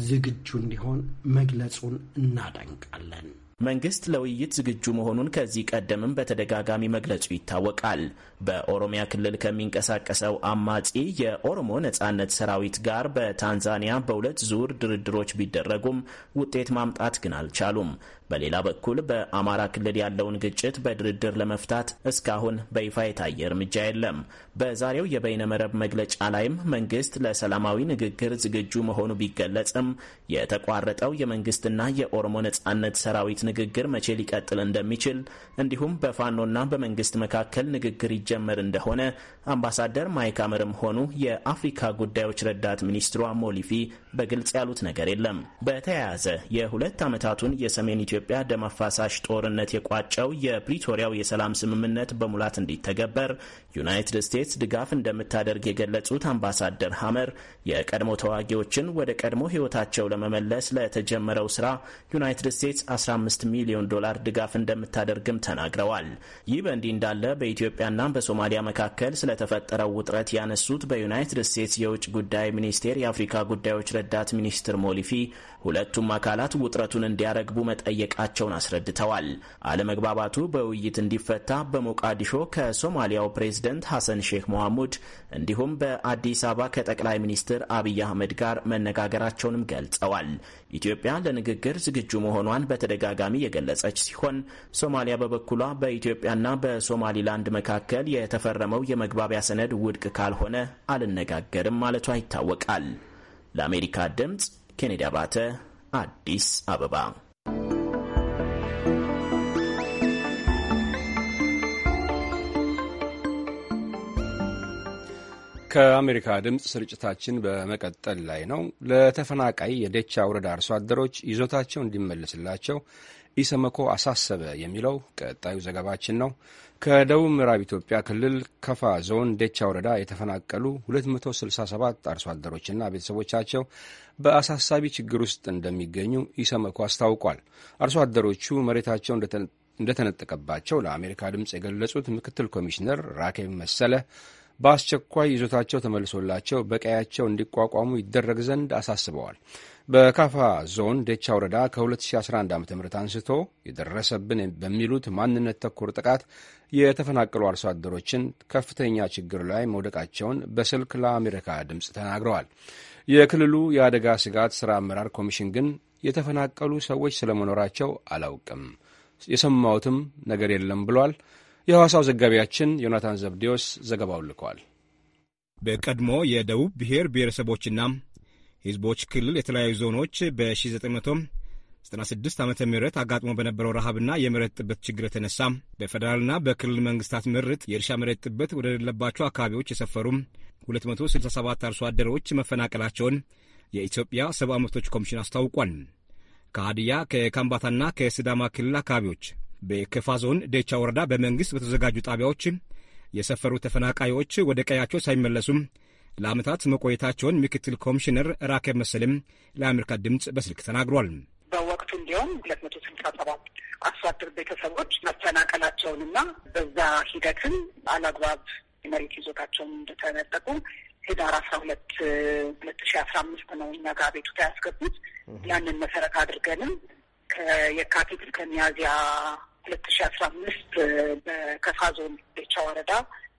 ዝግጁ እንዲሆን መግለጹን እናደንቃለን። መንግስት ለውይይት ዝግጁ መሆኑን ከዚህ ቀደምም በተደጋጋሚ መግለጹ ይታወቃል። በኦሮሚያ ክልል ከሚንቀሳቀሰው አማጺ የኦሮሞ ነጻነት ሰራዊት ጋር በታንዛኒያ በሁለት ዙር ድርድሮች ቢደረጉም ውጤት ማምጣት ግን አልቻሉም። በሌላ በኩል በአማራ ክልል ያለውን ግጭት በድርድር ለመፍታት እስካሁን በይፋ የታየ እርምጃ የለም። በዛሬው የበይነመረብ መግለጫ ላይም መንግስት ለሰላማዊ ንግግር ዝግጁ መሆኑ ቢገለጽም የተቋረጠው የመንግስትና የኦሮሞ ነጻነት ሰራዊት ንግግር መቼ ሊቀጥል እንደሚችል እንዲሁም በፋኖና በመንግስት መካከል ንግግር ይጀመር እንደሆነ አምባሳደር ማይክ አመርም ሆኑ የአፍሪካ ጉዳዮች ረዳት ሚኒስትሯ ሞሊፊ በግልጽ ያሉት ነገር የለም። በተያያዘ የሁለት ዓመታቱን የሰሜን ኢትዮ ኢትዮጵያ ደም አፋሳሽ ጦርነት የቋጨው የፕሪቶሪያው የሰላም ስምምነት በሙላት እንዲተገበር ዩናይትድ ስቴትስ ድጋፍ እንደምታደርግ የገለጹት አምባሳደር ሀመር የቀድሞ ተዋጊዎችን ወደ ቀድሞ ሕይወታቸው ለመመለስ ለተጀመረው ስራ ዩናይትድ ስቴትስ 15 ሚሊዮን ዶላር ድጋፍ እንደምታደርግም ተናግረዋል። ይህ በእንዲህ እንዳለ በኢትዮጵያና በሶማሊያ መካከል ስለተፈጠረው ውጥረት ያነሱት በዩናይትድ ስቴትስ የውጭ ጉዳይ ሚኒስቴር የአፍሪካ ጉዳዮች ረዳት ሚኒስትር ሞሊፊ ሁለቱም አካላት ውጥረቱን እንዲያረግቡ መጠየቅ መጠየቃቸውን አስረድተዋል። አለመግባባቱ በውይይት እንዲፈታ በሞቃዲሾ ከሶማሊያው ፕሬዝደንት ሐሰን ሼክ መሐሙድ እንዲሁም በአዲስ አበባ ከጠቅላይ ሚኒስትር አብይ አህመድ ጋር መነጋገራቸውንም ገልጸዋል። ኢትዮጵያ ለንግግር ዝግጁ መሆኗን በተደጋጋሚ የገለጸች ሲሆን ሶማሊያ በበኩሏ በኢትዮጵያና በሶማሊላንድ መካከል የተፈረመው የመግባቢያ ሰነድ ውድቅ ካልሆነ አልነጋገርም ማለቷ ይታወቃል። ለአሜሪካ ድምፅ ኬኔዲ አባተ አዲስ አበባ ከአሜሪካ ድምፅ ስርጭታችን በመቀጠል ላይ ነው። ለተፈናቃይ የደቻ ወረዳ አርሶ አደሮች ይዞታቸው እንዲመለስላቸው ኢሰመኮ አሳሰበ የሚለው ቀጣዩ ዘገባችን ነው። ከደቡብ ምዕራብ ኢትዮጵያ ክልል ከፋ ዞን ደቻ ወረዳ የተፈናቀሉ 267 አርሶ አደሮችና ቤተሰቦቻቸው በአሳሳቢ ችግር ውስጥ እንደሚገኙ ኢሰመኮ አስታውቋል። አርሶ አደሮቹ መሬታቸው እንደተነጠቀባቸው ለአሜሪካ ድምፅ የገለጹት ምክትል ኮሚሽነር ራኬብ መሰለ በአስቸኳይ ይዞታቸው ተመልሶላቸው በቀያቸው እንዲቋቋሙ ይደረግ ዘንድ አሳስበዋል። በካፋ ዞን ደቻ ወረዳ ከ2011 ዓ ም አንስቶ የደረሰብን በሚሉት ማንነት ተኮር ጥቃት የተፈናቀሉ አርሶ አደሮችን ከፍተኛ ችግር ላይ መውደቃቸውን በስልክ ለአሜሪካ ድምፅ ተናግረዋል። የክልሉ የአደጋ ስጋት ሥራ አመራር ኮሚሽን ግን የተፈናቀሉ ሰዎች ስለመኖራቸው አላውቅም፣ የሰማሁትም ነገር የለም ብሏል። የሐዋሳው ዘጋቢያችን ዮናታን ዘብዴዎስ ዘገባውን ልከዋል። በቀድሞ የደቡብ ብሔር ብሔረሰቦችና ሕዝቦች ክልል የተለያዩ ዞኖች በ1996 ዓ ም አጋጥሞ በነበረው ረሃብና የመሬት ጥበት ችግር የተነሳ በፌዴራልና በክልል መንግስታት ምርት የእርሻ መሬት ጥበት ወደሌለባቸው አካባቢዎች የሰፈሩም 267 አርሶ አደሮች መፈናቀላቸውን የኢትዮጵያ ሰብአዊ መብቶች ኮሚሽን አስታውቋል። ከአድያ ከካምባታና ከስዳማ ክልል አካባቢዎች በከፋ ዞን ደቻ ወረዳ በመንግሥት በተዘጋጁ ጣቢያዎች የሰፈሩ ተፈናቃዮች ወደ ቀያቸው ሳይመለሱም ለዓመታት መቆየታቸውን ምክትል ኮሚሽነር ራኬብ መሰልም ለአሜሪካ ድምፅ በስልክ ተናግሯል። በወቅቱ እንዲሁም ሁለት መቶ ስልሳ ሰባት አርሶ አደር ቤተሰቦች መፈናቀላቸውንና በዛ ሂደትም አላግባብ የመሬት ይዞታቸውን እንደተነጠቁ ህዳር አስራ ሁለት ሁለት ሺ አስራ አምስት ነው እኛ ጋር ቤቱታ ያስገቡት። ያንን መሰረት አድርገንም ከየካቲት ከሚያዝያ ሁለት ሺ አስራ አምስት በከፋ ዞን ቤቻ ወረዳ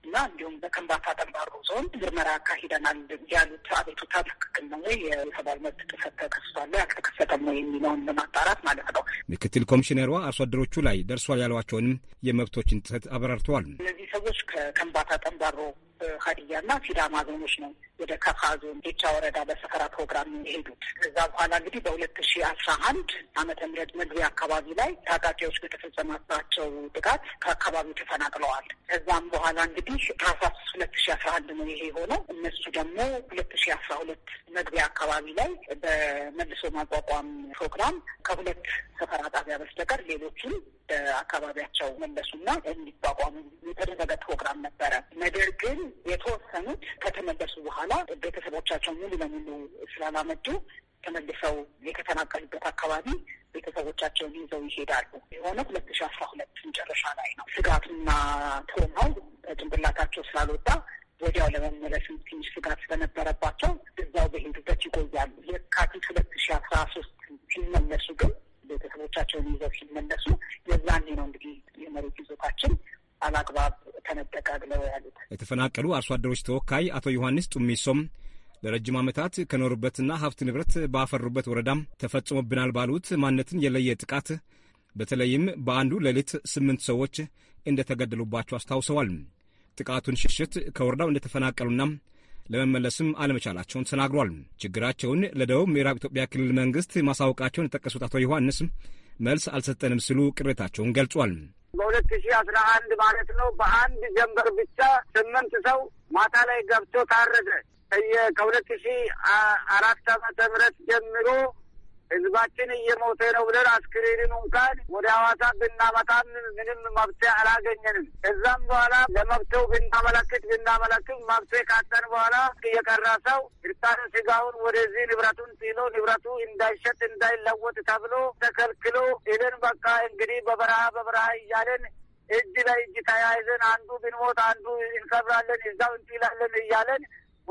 እና እንዲሁም በከምባታ ጠንባሮ ዞን ምርመራ አካሂደናል ያሉት አቤቱታ ትክክል ነው ወይ፣ የሰብአዊ መብት ጥሰት ተከስቷል ወይ ወይ የሚለውን ለማጣራት ማለት ነው። ምክትል ኮሚሽነሯ አርሶ አደሮቹ ላይ ደርሷል ያሏቸውንም የመብቶችን ጥሰት አብራርተዋል። እነዚህ ሰዎች ከከምባታ ጠንባሮ ሀዲያና ሲዳማ ዞኖች ነው ወደ ከፋ ዞን ቤቻ ወረዳ በሰፈራ ፕሮግራም የሄዱት። ከዛ በኋላ እንግዲህ በሁለት ሺ አስራ አንድ አመተ ምህረት መግቢያ አካባቢ ላይ ታጣቂዎች በተፈጸመባቸው ጥቃት ከአካባቢው ተፈናቅለዋል። ከዛም በኋላ እንግዲህ ታህሳስ ሁለት ሺ አስራ አንድ ነው ይሄ የሆነው። እነሱ ደግሞ ሁለት ሺ አስራ ሁለት መግቢያ አካባቢ ላይ በመልሶ ማቋቋም ፕሮግራም ከሁለት ሰፈራ ጣቢያ በስተቀር ሌሎቹን በአካባቢያቸው መለሱና እንዲቋቋሙ የተደረገ ፕሮግራም ነበረ። ነገር ግን የተወሰኑት ከተመለሱ በኋላ ቤተሰቦቻቸው ሙሉ ለሙሉ ስላላመጡ ተመልሰው የተፈናቀሉበት አካባቢ ቤተሰቦቻቸውን ይዘው ይሄዳሉ። የሆነ ሁለት ሺ አስራ ሁለት መጨረሻ ላይ ነው። ስጋቱና ትሮማው ጭንቅላታቸው ስላልወጣ ወዲያው ለመመለስ ትንሽ ስጋት ስለነበረባቸው እዛው በሄዱበት ይቆያሉ። የካቲት ሁለት ሺ አስራ ሶስት ሲመለሱ ግን ቤተሰቦቻቸውን ይዘው ሲመለሱ የዛኔ ነው እንግዲህ የመሬት ይዞታችን አላግባብ ተነጠቀ ብለው ያሉት የተፈናቀሉ አርሶ አደሮች ተወካይ አቶ ዮሐንስ ጡሚሶም ለረጅም ዓመታት ከኖሩበትና ሀብት ንብረት ባፈሩበት ወረዳም ተፈጽሞብናል ባሉት ማንነትን የለየ ጥቃት በተለይም በአንዱ ሌሊት ስምንት ሰዎች እንደተገደሉባቸው አስታውሰዋል። ጥቃቱን ሽሽት ከወረዳው እንደተፈናቀሉና ለመመለስም አለመቻላቸውን ተናግሯል። ችግራቸውን ለደቡብ ምዕራብ ኢትዮጵያ ክልል መንግስት ማሳወቃቸውን የጠቀሱት አቶ ዮሐንስ መልስ አልሰጠንም ሲሉ ቅሬታቸውን ገልጿል። በሁለት ሺህ አስራ አንድ ማለት ነው በአንድ ጀንበር ብቻ ስምንት ሰው ማታ ላይ ገብቶ ታረደ። ከሁለት ሺህ አራት ዓመተ ምህረት ጀምሮ ህዝባችን እየሞተ ነው ብለን አስክሬኑን እንኳን ወደ ሐዋሳ ብናመጣም ምንም መብት አላገኘንም። እዛም በኋላ ለመብተው ብናመለክት ብናመለክት መብት ካጠን በኋላ እየቀራ ሰው እርታን ስጋውን ወደዚህ ንብረቱን ጥሎ ንብረቱ እንዳይሸጥ እንዳይለወጥ ተብሎ ተከልክሎ ይለን በቃ እንግዲህ በበረሃ በበረሃ እያለን እጅ ለእጅ ተያይዘን አንዱ ብንሞት አንዱ እንከብራለን እዛው እንጥላለን እያለን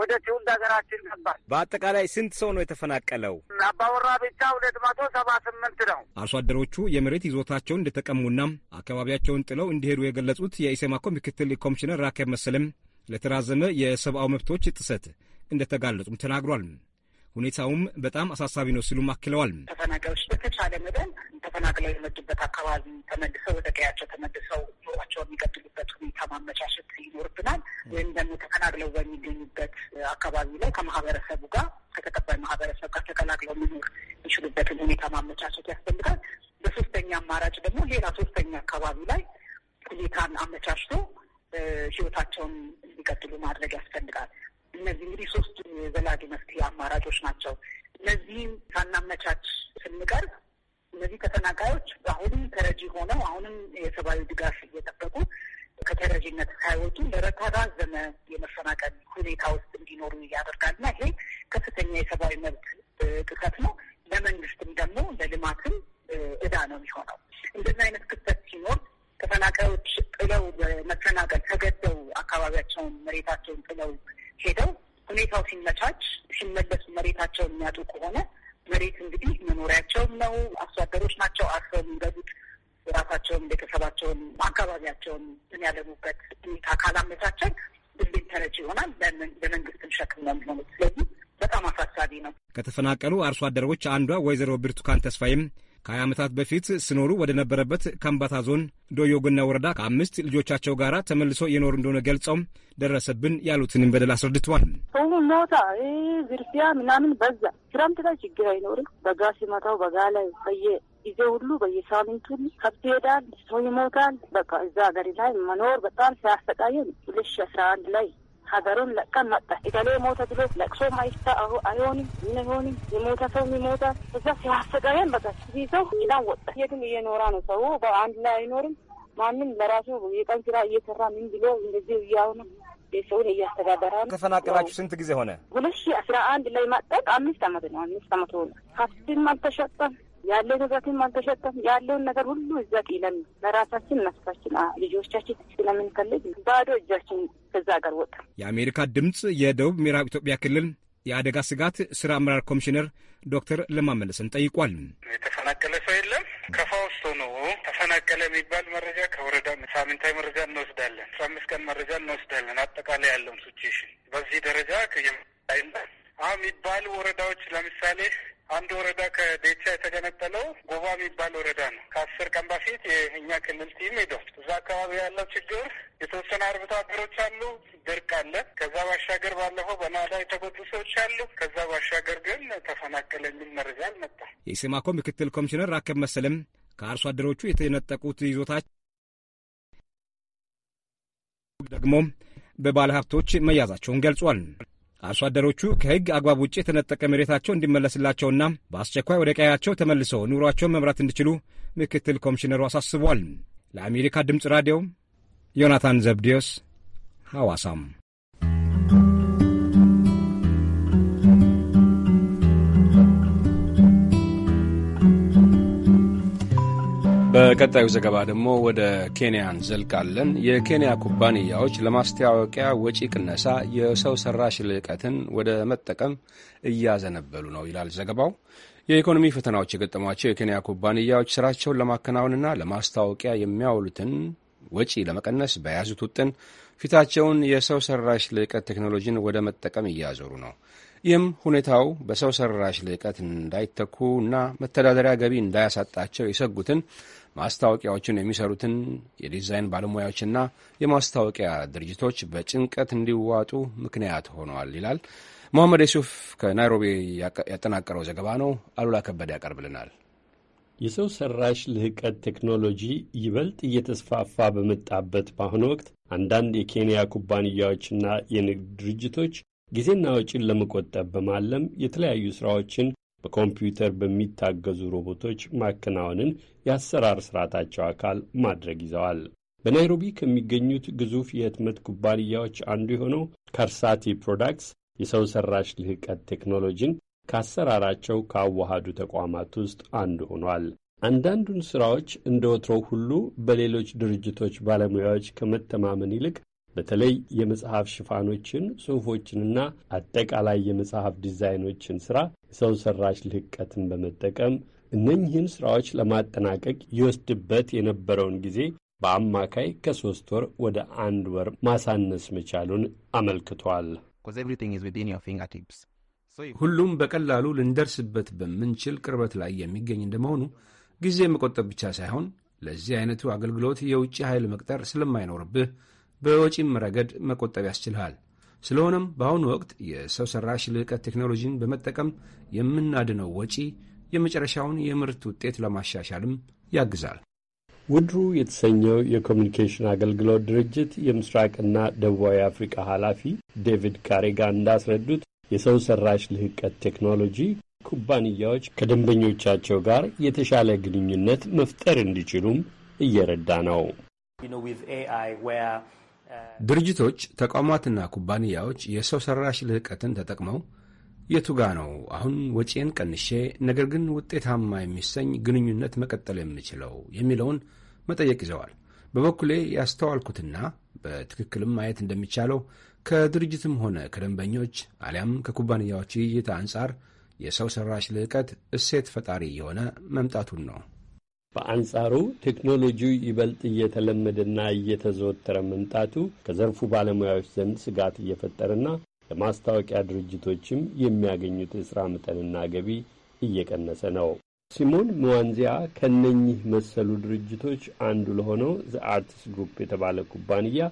ወደ ትውልድ ሀገራችን ገባል። በአጠቃላይ ስንት ሰው ነው የተፈናቀለው? አባወራ ብቻ ሁለት መቶ ሰባ ስምንት ነው። አርሶ አደሮቹ የመሬት ይዞታቸውን እንደተቀሙና አካባቢያቸውን ጥለው እንዲሄዱ የገለጹት የኢሰማኮ ምክትል ኮሚሽነር ራኬብ መሰለም ለተራዘመ የሰብአዊ መብቶች ጥሰት እንደተጋለጹም ተናግሯል። ሁኔታውም በጣም አሳሳቢ ነው ሲሉም አክለዋል። ተፈናቃዮች በተቻለ መጠን ተፈናቅለው የመጡበት አካባቢ ተመልሰው ወደ ቀያቸው ተመልሰው ኑሯቸውን የሚቀጥሉበት ሁኔታ ማመቻቸት ይኖርብናል። ወይም ደግሞ ተፈናቅለው በሚገኙበት አካባቢ ላይ ከማህበረሰቡ ጋር ከተቀባይ ማህበረሰብ ጋር ተቀላቅለው መኖር የሚችሉበትን ሁኔታ ማመቻቸት ያስፈልጋል። በሶስተኛ አማራጭ ደግሞ ሌላ ሶስተኛ አካባቢ ላይ ሁኔታን አመቻችቶ ህይወታቸውን እንዲቀጥሉ ማድረግ ያስፈልጋል። እነዚህ እንግዲህ ሶስት የዘላቂ መፍትሄ አማራጮች ናቸው። እነዚህም ሳናመቻች ስንቀርብ እነዚህ ተፈናቃዮች አሁንም ተረጂ ሆነው አሁንም የሰብአዊ ድጋፍ እየጠበቁ ከተረጂነት ሳይወጡ ለተራዘመ የመፈናቀል ሁኔታ ውስጥ እንዲኖሩ ያደርጋልና ይሄ ከፍተኛ የሰብአዊ መብት ጥሰት ነው። ለመንግስትም ደግሞ ለልማትም እዳ ነው የሚሆነው። እንደዚህ አይነት ክፍተት ሲኖር ተፈናቃዮች ጥለው በመፈናቀል ተገደው አካባቢያቸውን መሬታቸውን ጥለው ሄደው ሁኔታው ሲመቻች ሲመለሱ መሬታቸውን የሚያጡ ከሆነ መሬት እንግዲህ መኖሪያቸውም ነው። አርሶ አደሮች ናቸው አርሰው የሚገቡት ራሳቸውን፣ ቤተሰባቸውን፣ አካባቢያቸውን ያለሙበት ሁኔታ ካላመቻቸን ብልኝ ተረጅ ይሆናል። ለመንግስትን ሸክም ነው የሚሆኑት። ስለዚህ በጣም አሳሳቢ ነው። ከተፈናቀሉ አርሶ አደሮች አንዷ ወይዘሮ ብርቱካን ተስፋይም ከ20 ዓመታት በፊት ስኖሩ ወደ ነበረበት ከምባታ ዞን ዶዮጎና ወረዳ ከአምስት ልጆቻቸው ጋር ተመልሶ የኖሩ እንደሆነ ገልጸው ደረሰብን ያሉትንም በደል አስረድተዋል። ሰው ሞታ፣ ዝርፊያ ምናምን በዛ። ክረምት ላይ ችግር አይኖርም። በጋ ሲመታው በጋ ላይ በየ ጊዜ ሁሉ በየሳምንቱ ከብት ይሄዳል፣ ሰው ይሞታል። በቃ እዛ ሀገር ላይ መኖር በጣም ሲያሰቃየን ሁለት ሺህ አስራ አንድ ላይ ሀገርን ለቀን መጣ። እገሌ ሞተ ብሎ ለቅሶ ማይፍታ አይሆንም። ምን አይሆንም። የሞተ ሰው የሚሞተ እዛ ሲያሰቀየን በቃ እዚህ ሰው ጭላን ወጣ። የትም እየኖራ ነው ሰው በአንድ ላይ አይኖርም። ማንም ለራሱ የቀን ስራ እየሰራ ምን ብሎ እንደዚህ እያሁኑ ቤተሰቡን እያስተዳደረ ነው። ተፈናቀላችሁ ስንት ጊዜ ሆነ? ሁለት ሺ አስራ አንድ ላይ ማጠቅ አምስት አመት ነው። አምስት አመት ሆነ። ሀብትም አልተሸጠም ያለው ንብረትም አልተሸጠም። ያለውን ነገር ሁሉ እዛ ጥለን ለራሳችን ነፍሳችን ልጆቻችን ስለምንፈልግ ባዶ እጃችን ከዛ ሀገር ወጣ። የአሜሪካ ድምፅ የደቡብ ምዕራብ ኢትዮጵያ ክልል የአደጋ ስጋት ስራ አመራር ኮሚሽነር ዶክተር ለማ መለሰን ጠይቋል። የተፈናቀለ ሰው የለም። ከፋ ውስጥ ሆኖ ተፈናቀለ የሚባል መረጃ ከወረዳ ሳምንታዊ መረጃ እንወስዳለን። አስራ አምስት ቀን መረጃ እንወስዳለን። አጠቃላይ ያለውን ሲቹዌሽን በዚህ ደረጃ የሚባሉ ወረዳዎች ለምሳሌ አንድ ወረዳ ከዴቻ የተገነጠለው ጎባ የሚባል ወረዳ ነው። ከአስር ቀን በፊት የእኛ ክልል ቲም ሄደው እዛ አካባቢ ያለው ችግር የተወሰነ አርብቶ አደሮች አሉ፣ ድርቅ አለ። ከዛ ባሻገር ባለፈው በናዳ የተጎዱ ሰዎች አሉ። ከዛ ባሻገር ግን ተፈናቀለ የሚል መረጃ አልመጣ። የኢሰማኮ ምክትል ኮሚሽነር ራከብ መሰለም ከአርሶ አደሮቹ የተነጠቁት ይዞታች ደግሞ በባለ ሀብቶች መያዛቸውን ገልጿል። አርሶ አደሮቹ ከህግ አግባብ ውጭ የተነጠቀ መሬታቸው እንዲመለስላቸውና በአስቸኳይ ወደ ቀያቸው ተመልሰው ኑሯቸውን መምራት እንዲችሉ ምክትል ኮሚሽነሩ አሳስቧል። ለአሜሪካ ድምፅ ራዲዮ ዮናታን ዘብዲዮስ ሐዋሳም በቀጣዩ ዘገባ ደግሞ ወደ ኬንያ እንዘልቃለን። የኬንያ ኩባንያዎች ለማስታወቂያ ወጪ ቅነሳ የሰው ሰራሽ ልዕቀትን ወደ መጠቀም እያዘነበሉ ነው ይላል ዘገባው። የኢኮኖሚ ፈተናዎች የገጠሟቸው የኬንያ ኩባንያዎች ስራቸውን ለማከናወንና ለማስታወቂያ የሚያውሉትን ወጪ ለመቀነስ በያዙት ውጥን ፊታቸውን የሰው ሰራሽ ልዕቀት ቴክኖሎጂን ወደ መጠቀም እያዞሩ ነው። ይህም ሁኔታው በሰው ሰራሽ ልዕቀት እንዳይተኩና መተዳደሪያ ገቢ እንዳያሳጣቸው የሰጉትን ማስታወቂያዎችን የሚሰሩትን የዲዛይን ባለሙያዎችና የማስታወቂያ ድርጅቶች በጭንቀት እንዲዋጡ ምክንያት ሆነዋል ይላል መሐመድ የሱፍ ከናይሮቢ ያጠናቀረው ዘገባ ነው። አሉላ ከበደ ያቀርብልናል። የሰው ሰራሽ ልህቀት ቴክኖሎጂ ይበልጥ እየተስፋፋ በመጣበት በአሁኑ ወቅት አንዳንድ የኬንያ ኩባንያዎችና የንግድ ድርጅቶች ጊዜና ወጪን ለመቆጠብ በማለም የተለያዩ ሥራዎችን በኮምፒውተር በሚታገዙ ሮቦቶች ማከናወንን የአሰራር ስርዓታቸው አካል ማድረግ ይዘዋል። በናይሮቢ ከሚገኙት ግዙፍ የህትመት ኩባንያዎች አንዱ የሆነው ከርሳቲ ፕሮዳክትስ የሰው ሰራሽ ልህቀት ቴክኖሎጂን ከአሰራራቸው ካዋሃዱ ተቋማት ውስጥ አንዱ ሆኗል። አንዳንዱን ሥራዎች እንደ ወትሮው ሁሉ በሌሎች ድርጅቶች ባለሙያዎች ከመተማመን ይልቅ በተለይ የመጽሐፍ ሽፋኖችን፣ ጽሑፎችንና አጠቃላይ የመጽሐፍ ዲዛይኖችን ሥራ ሰው ሰራሽ ልህቀትን በመጠቀም እነኝህን ሥራዎች ለማጠናቀቅ ይወስድበት የነበረውን ጊዜ በአማካይ ከሦስት ወር ወደ አንድ ወር ማሳነስ መቻሉን አመልክቷል። ሁሉም በቀላሉ ልንደርስበት በምንችል ቅርበት ላይ የሚገኝ እንደመሆኑ ጊዜ መቆጠብ ብቻ ሳይሆን ለዚህ አይነቱ አገልግሎት የውጭ ኃይል መቅጠር ስለማይኖርብህ በወጪም ረገድ መቆጠብ ያስችልሃል። ስለሆነም በአሁኑ ወቅት የሰው ሠራሽ ልዕቀት ቴክኖሎጂን በመጠቀም የምናድነው ወጪ የመጨረሻውን የምርት ውጤት ለማሻሻልም ያግዛል። ውድሩ የተሰኘው የኮሚኒኬሽን አገልግሎት ድርጅት የምስራቅና ደቡባዊ አፍሪካ ኃላፊ ዴቪድ ካሬጋ እንዳስረዱት የሰው ሠራሽ ልህቀት ቴክኖሎጂ ኩባንያዎች ከደንበኞቻቸው ጋር የተሻለ ግንኙነት መፍጠር እንዲችሉም እየረዳ ነው። ድርጅቶች፣ ተቋማትና ኩባንያዎች የሰው ሰራሽ ልህቀትን ተጠቅመው የቱጋ ነው አሁን ወጪን ቀንሼ ነገር ግን ውጤታማ የሚሰኝ ግንኙነት መቀጠል የምችለው የሚለውን መጠየቅ ይዘዋል። በበኩሌ ያስተዋልኩትና በትክክልም ማየት እንደሚቻለው ከድርጅትም ሆነ ከደንበኞች አሊያም ከኩባንያዎች እይታ አንጻር የሰው ሰራሽ ልዕቀት እሴት ፈጣሪ የሆነ መምጣቱን ነው። በአንጻሩ ቴክኖሎጂው ይበልጥ እየተለመደና እየተዘወተረ መምጣቱ ከዘርፉ ባለሙያዎች ዘንድ ስጋት እየፈጠረና ለማስታወቂያ ድርጅቶችም የሚያገኙት የሥራ መጠንና ገቢ እየቀነሰ ነው። ሲሞን መዋንዚያ ከነኚህ መሰሉ ድርጅቶች አንዱ ለሆነው ዘ አርቲስት ግሩፕ የተባለ ኩባንያ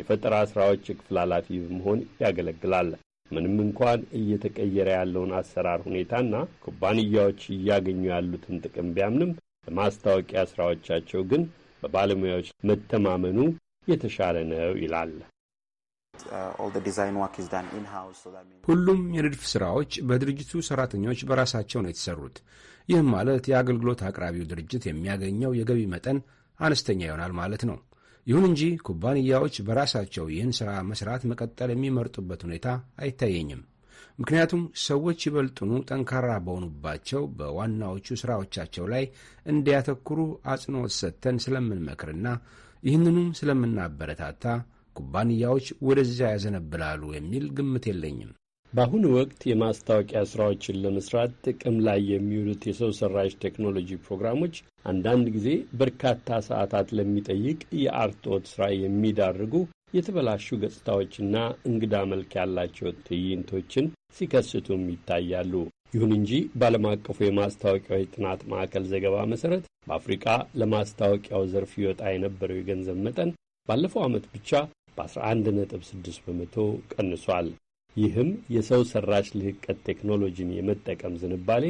የፈጠራ ሥራዎች የክፍል ኃላፊ በመሆን ያገለግላል። ምንም እንኳን እየተቀየረ ያለውን አሰራር ሁኔታና ኩባንያዎች እያገኙ ያሉትን ጥቅም ቢያምንም በማስታወቂያ ስራዎቻቸው ግን በባለሙያዎች መተማመኑ የተሻለ ነው ይላል። ሁሉም የንድፍ ስራዎች በድርጅቱ ሰራተኞች በራሳቸው ነው የተሰሩት። ይህም ማለት የአገልግሎት አቅራቢው ድርጅት የሚያገኘው የገቢ መጠን አነስተኛ ይሆናል ማለት ነው። ይሁን እንጂ ኩባንያዎች በራሳቸው ይህን ሥራ መስራት መቀጠል የሚመርጡበት ሁኔታ አይታየኝም። ምክንያቱም ሰዎች ይበልጥኑ ጠንካራ በሆኑባቸው በዋናዎቹ ሥራዎቻቸው ላይ እንዲያተኩሩ አጽንኦት ሰጥተን ስለምንመክርና ይህንኑም ስለምናበረታታ ኩባንያዎች ወደዚያ ያዘነብላሉ የሚል ግምት የለኝም። በአሁኑ ወቅት የማስታወቂያ ስራዎችን ለመስራት ጥቅም ላይ የሚውሉት የሰው ሰራሽ ቴክኖሎጂ ፕሮግራሞች አንዳንድ ጊዜ በርካታ ሰዓታት ለሚጠይቅ የአርትዖት ሥራ የሚዳርጉ የተበላሹ ገጽታዎችና እንግዳ መልክ ያላቸው ትዕይንቶችን ሲከስቱም ይታያሉ። ይሁን እንጂ በዓለም አቀፉ የማስታወቂያዎች ጥናት ማዕከል ዘገባ መሠረት በአፍሪቃ ለማስታወቂያው ዘርፍ ይወጣ የነበረው የገንዘብ መጠን ባለፈው ዓመት ብቻ በ11.6 በመቶ ቀንሷል። ይህም የሰው ሰራሽ ልህቀት ቴክኖሎጂን የመጠቀም ዝንባሌ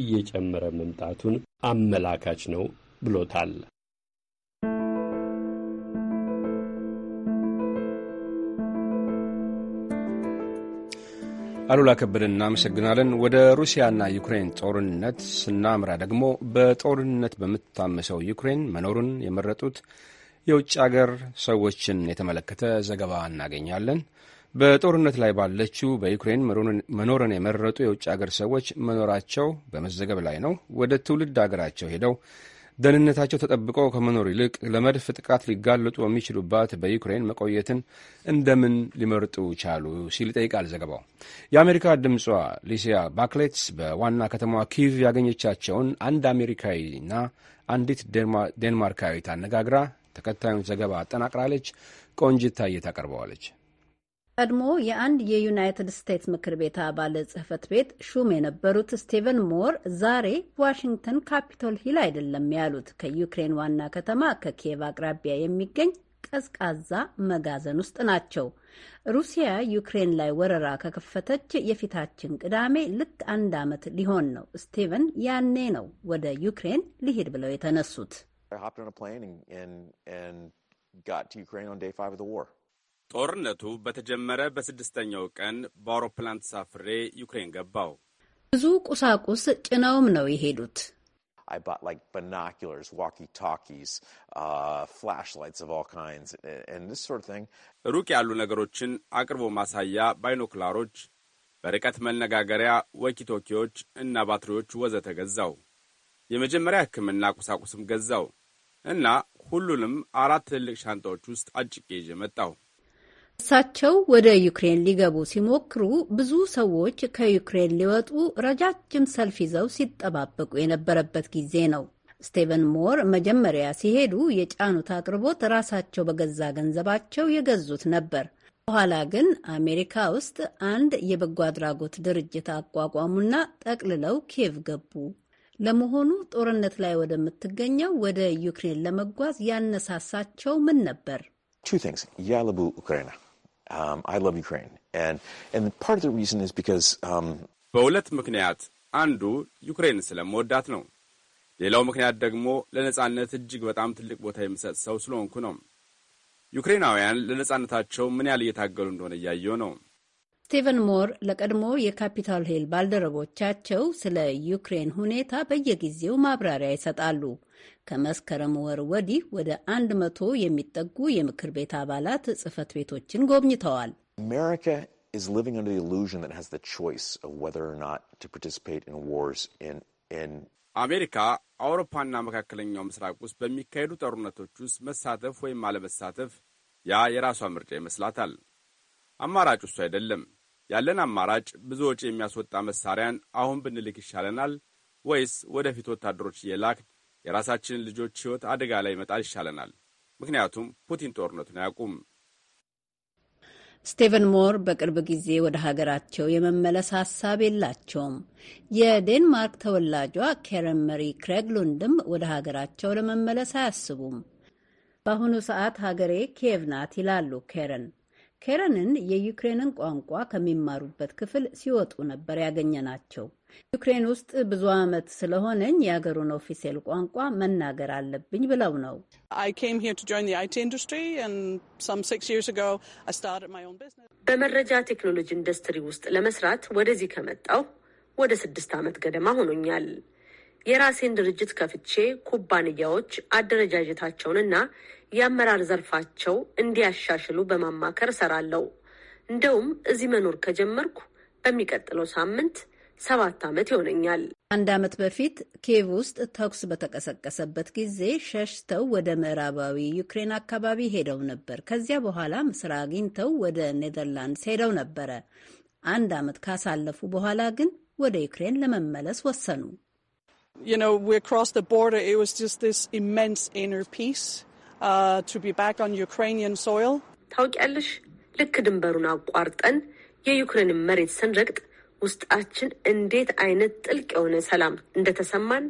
እየጨመረ መምጣቱን አመላካች ነው ብሎታል። አሉላ ከበደን እናመሰግናለን። ወደ ሩሲያና ዩክሬን ጦርነት ስናምራ ደግሞ በጦርነት በምታመሰው ዩክሬን መኖሩን የመረጡት የውጭ አገር ሰዎችን የተመለከተ ዘገባ እናገኛለን። በጦርነት ላይ ባለችው በዩክሬን መኖርን የመረጡ የውጭ አገር ሰዎች መኖራቸው በመዘገብ ላይ ነው። ወደ ትውልድ አገራቸው ሄደው ደህንነታቸው ተጠብቆ ከመኖር ይልቅ ለመድፍ ጥቃት ሊጋለጡ በሚችሉባት በዩክሬን መቆየትን እንደምን ሊመርጡ ቻሉ ሲል ይጠይቃል ዘገባው። የአሜሪካ ድምጿ ሊሲያ ባክሌትስ በዋና ከተማዋ ኪቭ ያገኘቻቸውን አንድ አሜሪካዊና አንዲት ዴንማርካዊት አነጋግራ ተከታዩን ዘገባ አጠናቅራለች። ቆንጅት ታዬ ታቀርበዋለች። ቀድሞ የአንድ የዩናይትድ ስቴትስ ምክር ቤት አባል ጽህፈት ቤት ሹም የነበሩት ስቲቨን ሞር ዛሬ ዋሽንግተን ካፒቶል ሂል አይደለም ያሉት ከዩክሬን ዋና ከተማ ከኪየቭ አቅራቢያ የሚገኝ ቀዝቃዛ መጋዘን ውስጥ ናቸው። ሩሲያ ዩክሬን ላይ ወረራ ከከፈተች የፊታችን ቅዳሜ ልክ አንድ ዓመት ሊሆን ነው። ስቲቨን ያኔ ነው ወደ ዩክሬን ሊሄድ ብለው የተነሱት። ጦርነቱ በተጀመረ በስድስተኛው ቀን በአውሮፕላን ተሳፍሬ ዩክሬን ገባው። ብዙ ቁሳቁስ ጭነውም ነው የሄዱት። ሩቅ ያሉ ነገሮችን አቅርቦ ማሳያ፣ ባይኖክላሮች፣ በርቀት መነጋገሪያ፣ ወኪቶኪዎች እና ባትሪዎች ወዘተ ገዛው። የመጀመሪያ ሕክምና ቁሳቁስም ገዛው እና ሁሉንም አራት ትልልቅ ሻንጣዎች ውስጥ አጭቄ ይዤ መጣው። እሳቸው ወደ ዩክሬን ሊገቡ ሲሞክሩ ብዙ ሰዎች ከዩክሬን ሊወጡ ረጃጅም ሰልፍ ይዘው ሲጠባበቁ የነበረበት ጊዜ ነው። ስቴቨን ሞር መጀመሪያ ሲሄዱ የጫኑት አቅርቦት ራሳቸው በገዛ ገንዘባቸው የገዙት ነበር። በኋላ ግን አሜሪካ ውስጥ አንድ የበጎ አድራጎት ድርጅት አቋቋሙና ጠቅልለው ኪየቭ ገቡ። ለመሆኑ ጦርነት ላይ ወደምትገኘው ወደ ዩክሬን ለመጓዝ ያነሳሳቸው ምን ነበር? ያለቡ ኡክሬና um, I love Ukraine. And, and part of the reason is because um, በሁለት ምክንያት አንዱ ዩክሬን ስለመወዳት ነው። ሌላው ምክንያት ደግሞ ለነጻነት እጅግ በጣም ትልቅ ቦታ የምሰጥ ሰው ስለሆንኩ ነው። ዩክሬናውያን ለነጻነታቸው ምን ያህል እየታገሉ እንደሆነ እያየው ነው። ስቲቨን ሞር ለቀድሞ የካፒታል ሂል ባልደረቦቻቸው ስለ ዩክሬን ሁኔታ በየጊዜው ማብራሪያ ይሰጣሉ። ከመስከረም ወር ወዲህ ወደ አንድ መቶ የሚጠጉ የምክር ቤት አባላት ጽህፈት ቤቶችን ጎብኝተዋል። አሜሪካ አውሮፓና መካከለኛው ምስራቅ ውስጥ በሚካሄዱ ጦርነቶች ውስጥ መሳተፍ ወይም አለመሳተፍ ያ የራሷ ምርጫ ይመስላታል። አማራጭ እሱ አይደለም። ያለን አማራጭ ብዙ ወጪ የሚያስወጣ መሳሪያን አሁን ብንልክ ይሻለናል ወይስ ወደፊት ወታደሮች እየላክ የራሳችንን ልጆች ሕይወት አደጋ ላይ መጣል ይሻለናል? ምክንያቱም ፑቲን ጦርነቱን አያውቁም። ስቴቨን ሞር በቅርብ ጊዜ ወደ ሀገራቸው የመመለስ ሀሳብ የላቸውም። የዴንማርክ ተወላጇ ኬረን መሪ ሉንድም ወደ ሀገራቸው ለመመለስ አያስቡም። በአሁኑ ሰዓት ሀገሬ ኪየቭ ናት ይላሉ ኬረን። ኬረንን የዩክሬንን ቋንቋ ከሚማሩበት ክፍል ሲወጡ ነበር ያገኘ ናቸው። ዩክሬን ውስጥ ብዙ ዓመት ስለሆነኝ የሀገሩን ኦፊሴል ቋንቋ መናገር አለብኝ ብለው ነው። በመረጃ ቴክኖሎጂ ኢንዱስትሪ ውስጥ ለመስራት ወደዚህ ከመጣው ወደ ስድስት ዓመት ገደማ ሆኖኛል። የራሴን ድርጅት ከፍቼ ኩባንያዎች አደረጃጀታቸውንና የአመራር ዘርፋቸው እንዲያሻሽሉ በማማከር እሰራለሁ። እንደውም እዚህ መኖር ከጀመርኩ በሚቀጥለው ሳምንት ሰባት ዓመት ይሆነኛል። አንድ ዓመት በፊት ኪየቭ ውስጥ ተኩስ በተቀሰቀሰበት ጊዜ ሸሽተው ወደ ምዕራባዊ ዩክሬን አካባቢ ሄደው ነበር። ከዚያ በኋላም ስራ አግኝተው ወደ ኔዘርላንድስ ሄደው ነበረ። አንድ ዓመት ካሳለፉ በኋላ ግን ወደ ዩክሬን ለመመለስ ወሰኑ። you know, we crossed the border. It was just this immense inner peace. Uh, ታውቂያለሽ፣ ልክ ድንበሩን አቋርጠን የዩክሬንን መሬት ስንረግጥ ውስጣችን እንዴት አይነት ጥልቅ የሆነ ሰላም እንደተሰማን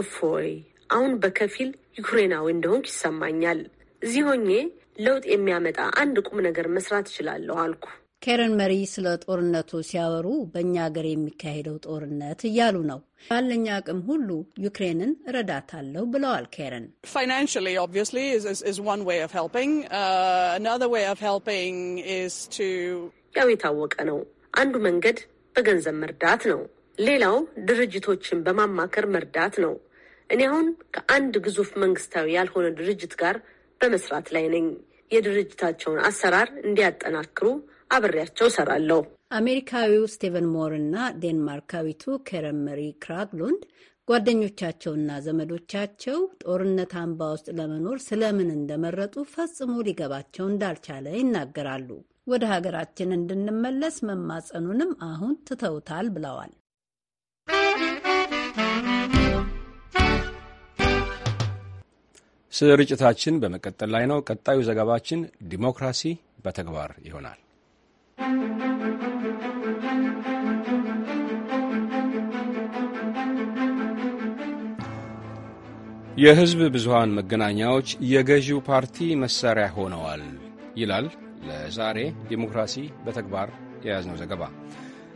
እፎይ፣ አሁን በከፊል ዩክሬናዊ እንደሆንኩ ይሰማኛል። እዚህ ሆኜ ለውጥ የሚያመጣ አንድ ቁም ነገር መስራት እችላለሁ አልኩ። ኬረን መሪ ስለ ጦርነቱ ሲያወሩ በእኛ ሀገር የሚካሄደው ጦርነት እያሉ ነው። ባለኝ አቅም ሁሉ ዩክሬንን እረዳታለሁ ብለዋል ኬረን። uh, ያው የታወቀ ነው። አንዱ መንገድ በገንዘብ መርዳት ነው። ሌላው ድርጅቶችን በማማከር መርዳት ነው። እኔ አሁን ከአንድ ግዙፍ መንግስታዊ ያልሆነ ድርጅት ጋር በመስራት ላይ ነኝ። የድርጅታቸውን አሰራር እንዲያጠናክሩ አብሬያቸው እሰራለሁ። አሜሪካዊው ስቴቨን ሞር እና ዴንማርካዊቱ ኬረን መሪ ክራግሉንድ ጓደኞቻቸውና ዘመዶቻቸው ጦርነት አምባ ውስጥ ለመኖር ስለምን እንደመረጡ ፈጽሞ ሊገባቸው እንዳልቻለ ይናገራሉ። ወደ ሀገራችን እንድንመለስ መማጸኑንም አሁን ትተውታል ብለዋል። ስርጭታችን በመቀጠል ላይ ነው። ቀጣዩ ዘገባችን ዲሞክራሲ በተግባር ይሆናል። የህዝብ ብዙሃን መገናኛዎች የገዢው ፓርቲ መሣሪያ ሆነዋል ይላል ለዛሬ ዴሞክራሲ በተግባር የያዝነው ዘገባ።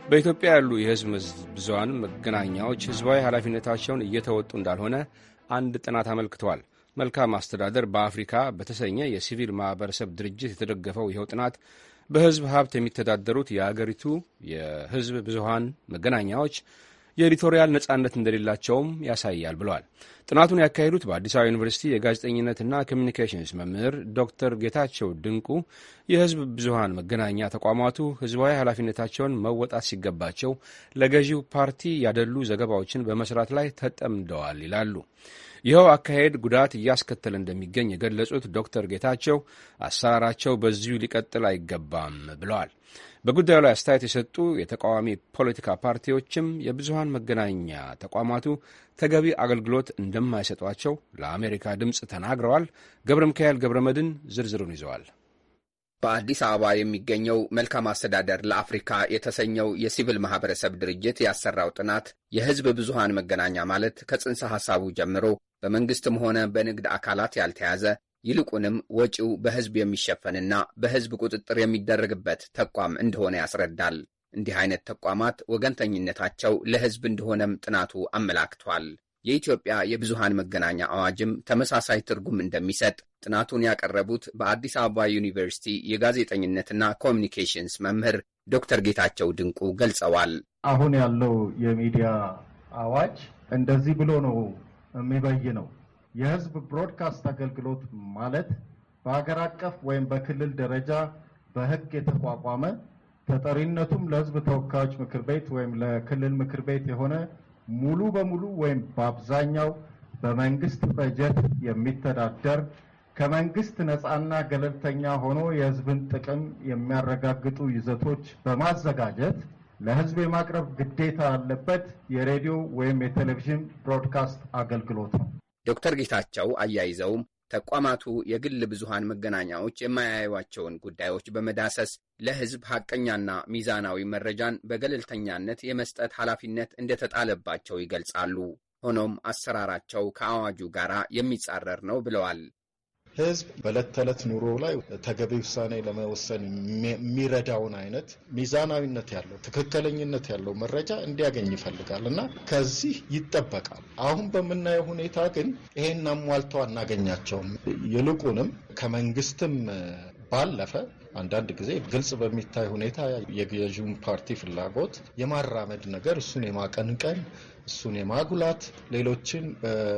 በኢትዮጵያ ያሉ የህዝብ ብዙሃን መገናኛዎች ሕዝባዊ ኃላፊነታቸውን እየተወጡ እንዳልሆነ አንድ ጥናት አመልክተዋል። መልካም አስተዳደር በአፍሪካ በተሰኘ የሲቪል ማኅበረሰብ ድርጅት የተደገፈው ይኸው ጥናት በህዝብ ሀብት የሚተዳደሩት የአገሪቱ የህዝብ ብዙሀን መገናኛዎች የኤዲቶሪያል ነጻነት እንደሌላቸውም ያሳያል ብለዋል። ጥናቱን ያካሄዱት በአዲስ አበባ ዩኒቨርሲቲ የጋዜጠኝነትና ኮሚኒኬሽንስ መምህር ዶክተር ጌታቸው ድንቁ የህዝብ ብዙሀን መገናኛ ተቋማቱ ህዝባዊ ኃላፊነታቸውን መወጣት ሲገባቸው ለገዢው ፓርቲ ያደሉ ዘገባዎችን በመስራት ላይ ተጠምደዋል ይላሉ። ይኸው አካሄድ ጉዳት እያስከተለ እንደሚገኝ የገለጹት ዶክተር ጌታቸው አሰራራቸው በዚሁ ሊቀጥል አይገባም ብለዋል። በጉዳዩ ላይ አስተያየት የሰጡ የተቃዋሚ ፖለቲካ ፓርቲዎችም የብዙሀን መገናኛ ተቋማቱ ተገቢ አገልግሎት እንደማይሰጧቸው ለአሜሪካ ድምፅ ተናግረዋል። ገብረ ሚካኤል ገብረ መድን ዝርዝሩን ይዘዋል። በአዲስ አበባ የሚገኘው መልካም አስተዳደር ለአፍሪካ የተሰኘው የሲቪል ማህበረሰብ ድርጅት ያሰራው ጥናት የህዝብ ብዙሃን መገናኛ ማለት ከጽንሰ ሐሳቡ ጀምሮ በመንግስትም ሆነ በንግድ አካላት ያልተያዘ ይልቁንም ወጪው በህዝብ የሚሸፈንና በህዝብ ቁጥጥር የሚደረግበት ተቋም እንደሆነ ያስረዳል። እንዲህ አይነት ተቋማት ወገንተኝነታቸው ለህዝብ እንደሆነም ጥናቱ አመላክቷል። የኢትዮጵያ የብዙሃን መገናኛ አዋጅም ተመሳሳይ ትርጉም እንደሚሰጥ ጥናቱን ያቀረቡት በአዲስ አበባ ዩኒቨርሲቲ የጋዜጠኝነትና ኮሚኒኬሽንስ መምህር ዶክተር ጌታቸው ድንቁ ገልጸዋል። አሁን ያለው የሚዲያ አዋጅ እንደዚህ ብሎ ነው የሚበይነው። የህዝብ ብሮድካስት አገልግሎት ማለት በሀገር አቀፍ ወይም በክልል ደረጃ በህግ የተቋቋመ ተጠሪነቱም ለህዝብ ተወካዮች ምክር ቤት ወይም ለክልል ምክር ቤት የሆነ ሙሉ በሙሉ ወይም በአብዛኛው በመንግስት በጀት የሚተዳደር ከመንግስት ነፃና ገለልተኛ ሆኖ የህዝብን ጥቅም የሚያረጋግጡ ይዘቶች በማዘጋጀት ለህዝብ የማቅረብ ግዴታ ያለበት የሬዲዮ ወይም የቴሌቪዥን ብሮድካስት አገልግሎት ነው። ዶክተር ጌታቸው አያይዘውም ተቋማቱ የግል ብዙሃን መገናኛዎች የማያዩቸውን ጉዳዮች በመዳሰስ ለሕዝብ ሐቀኛና ሚዛናዊ መረጃን በገለልተኛነት የመስጠት ኃላፊነት እንደተጣለባቸው ይገልጻሉ። ሆኖም አሰራራቸው ከአዋጁ ጋር የሚጻረር ነው ብለዋል ህዝብ በዕለት ተዕለት ኑሮ ላይ ተገቢ ውሳኔ ለመወሰን የሚረዳውን አይነት ሚዛናዊነት ያለው ትክክለኝነት ያለው መረጃ እንዲያገኝ ይፈልጋል እና ከዚህ ይጠበቃል። አሁን በምናየው ሁኔታ ግን ይሄን አሟልተው አናገኛቸውም። ይልቁንም ከመንግስትም ባለፈ አንዳንድ ጊዜ ግልጽ በሚታይ ሁኔታ የገዥውን ፓርቲ ፍላጎት የማራመድ ነገር እሱን የማቀንቀን እሱን የማጉላት ሌሎችን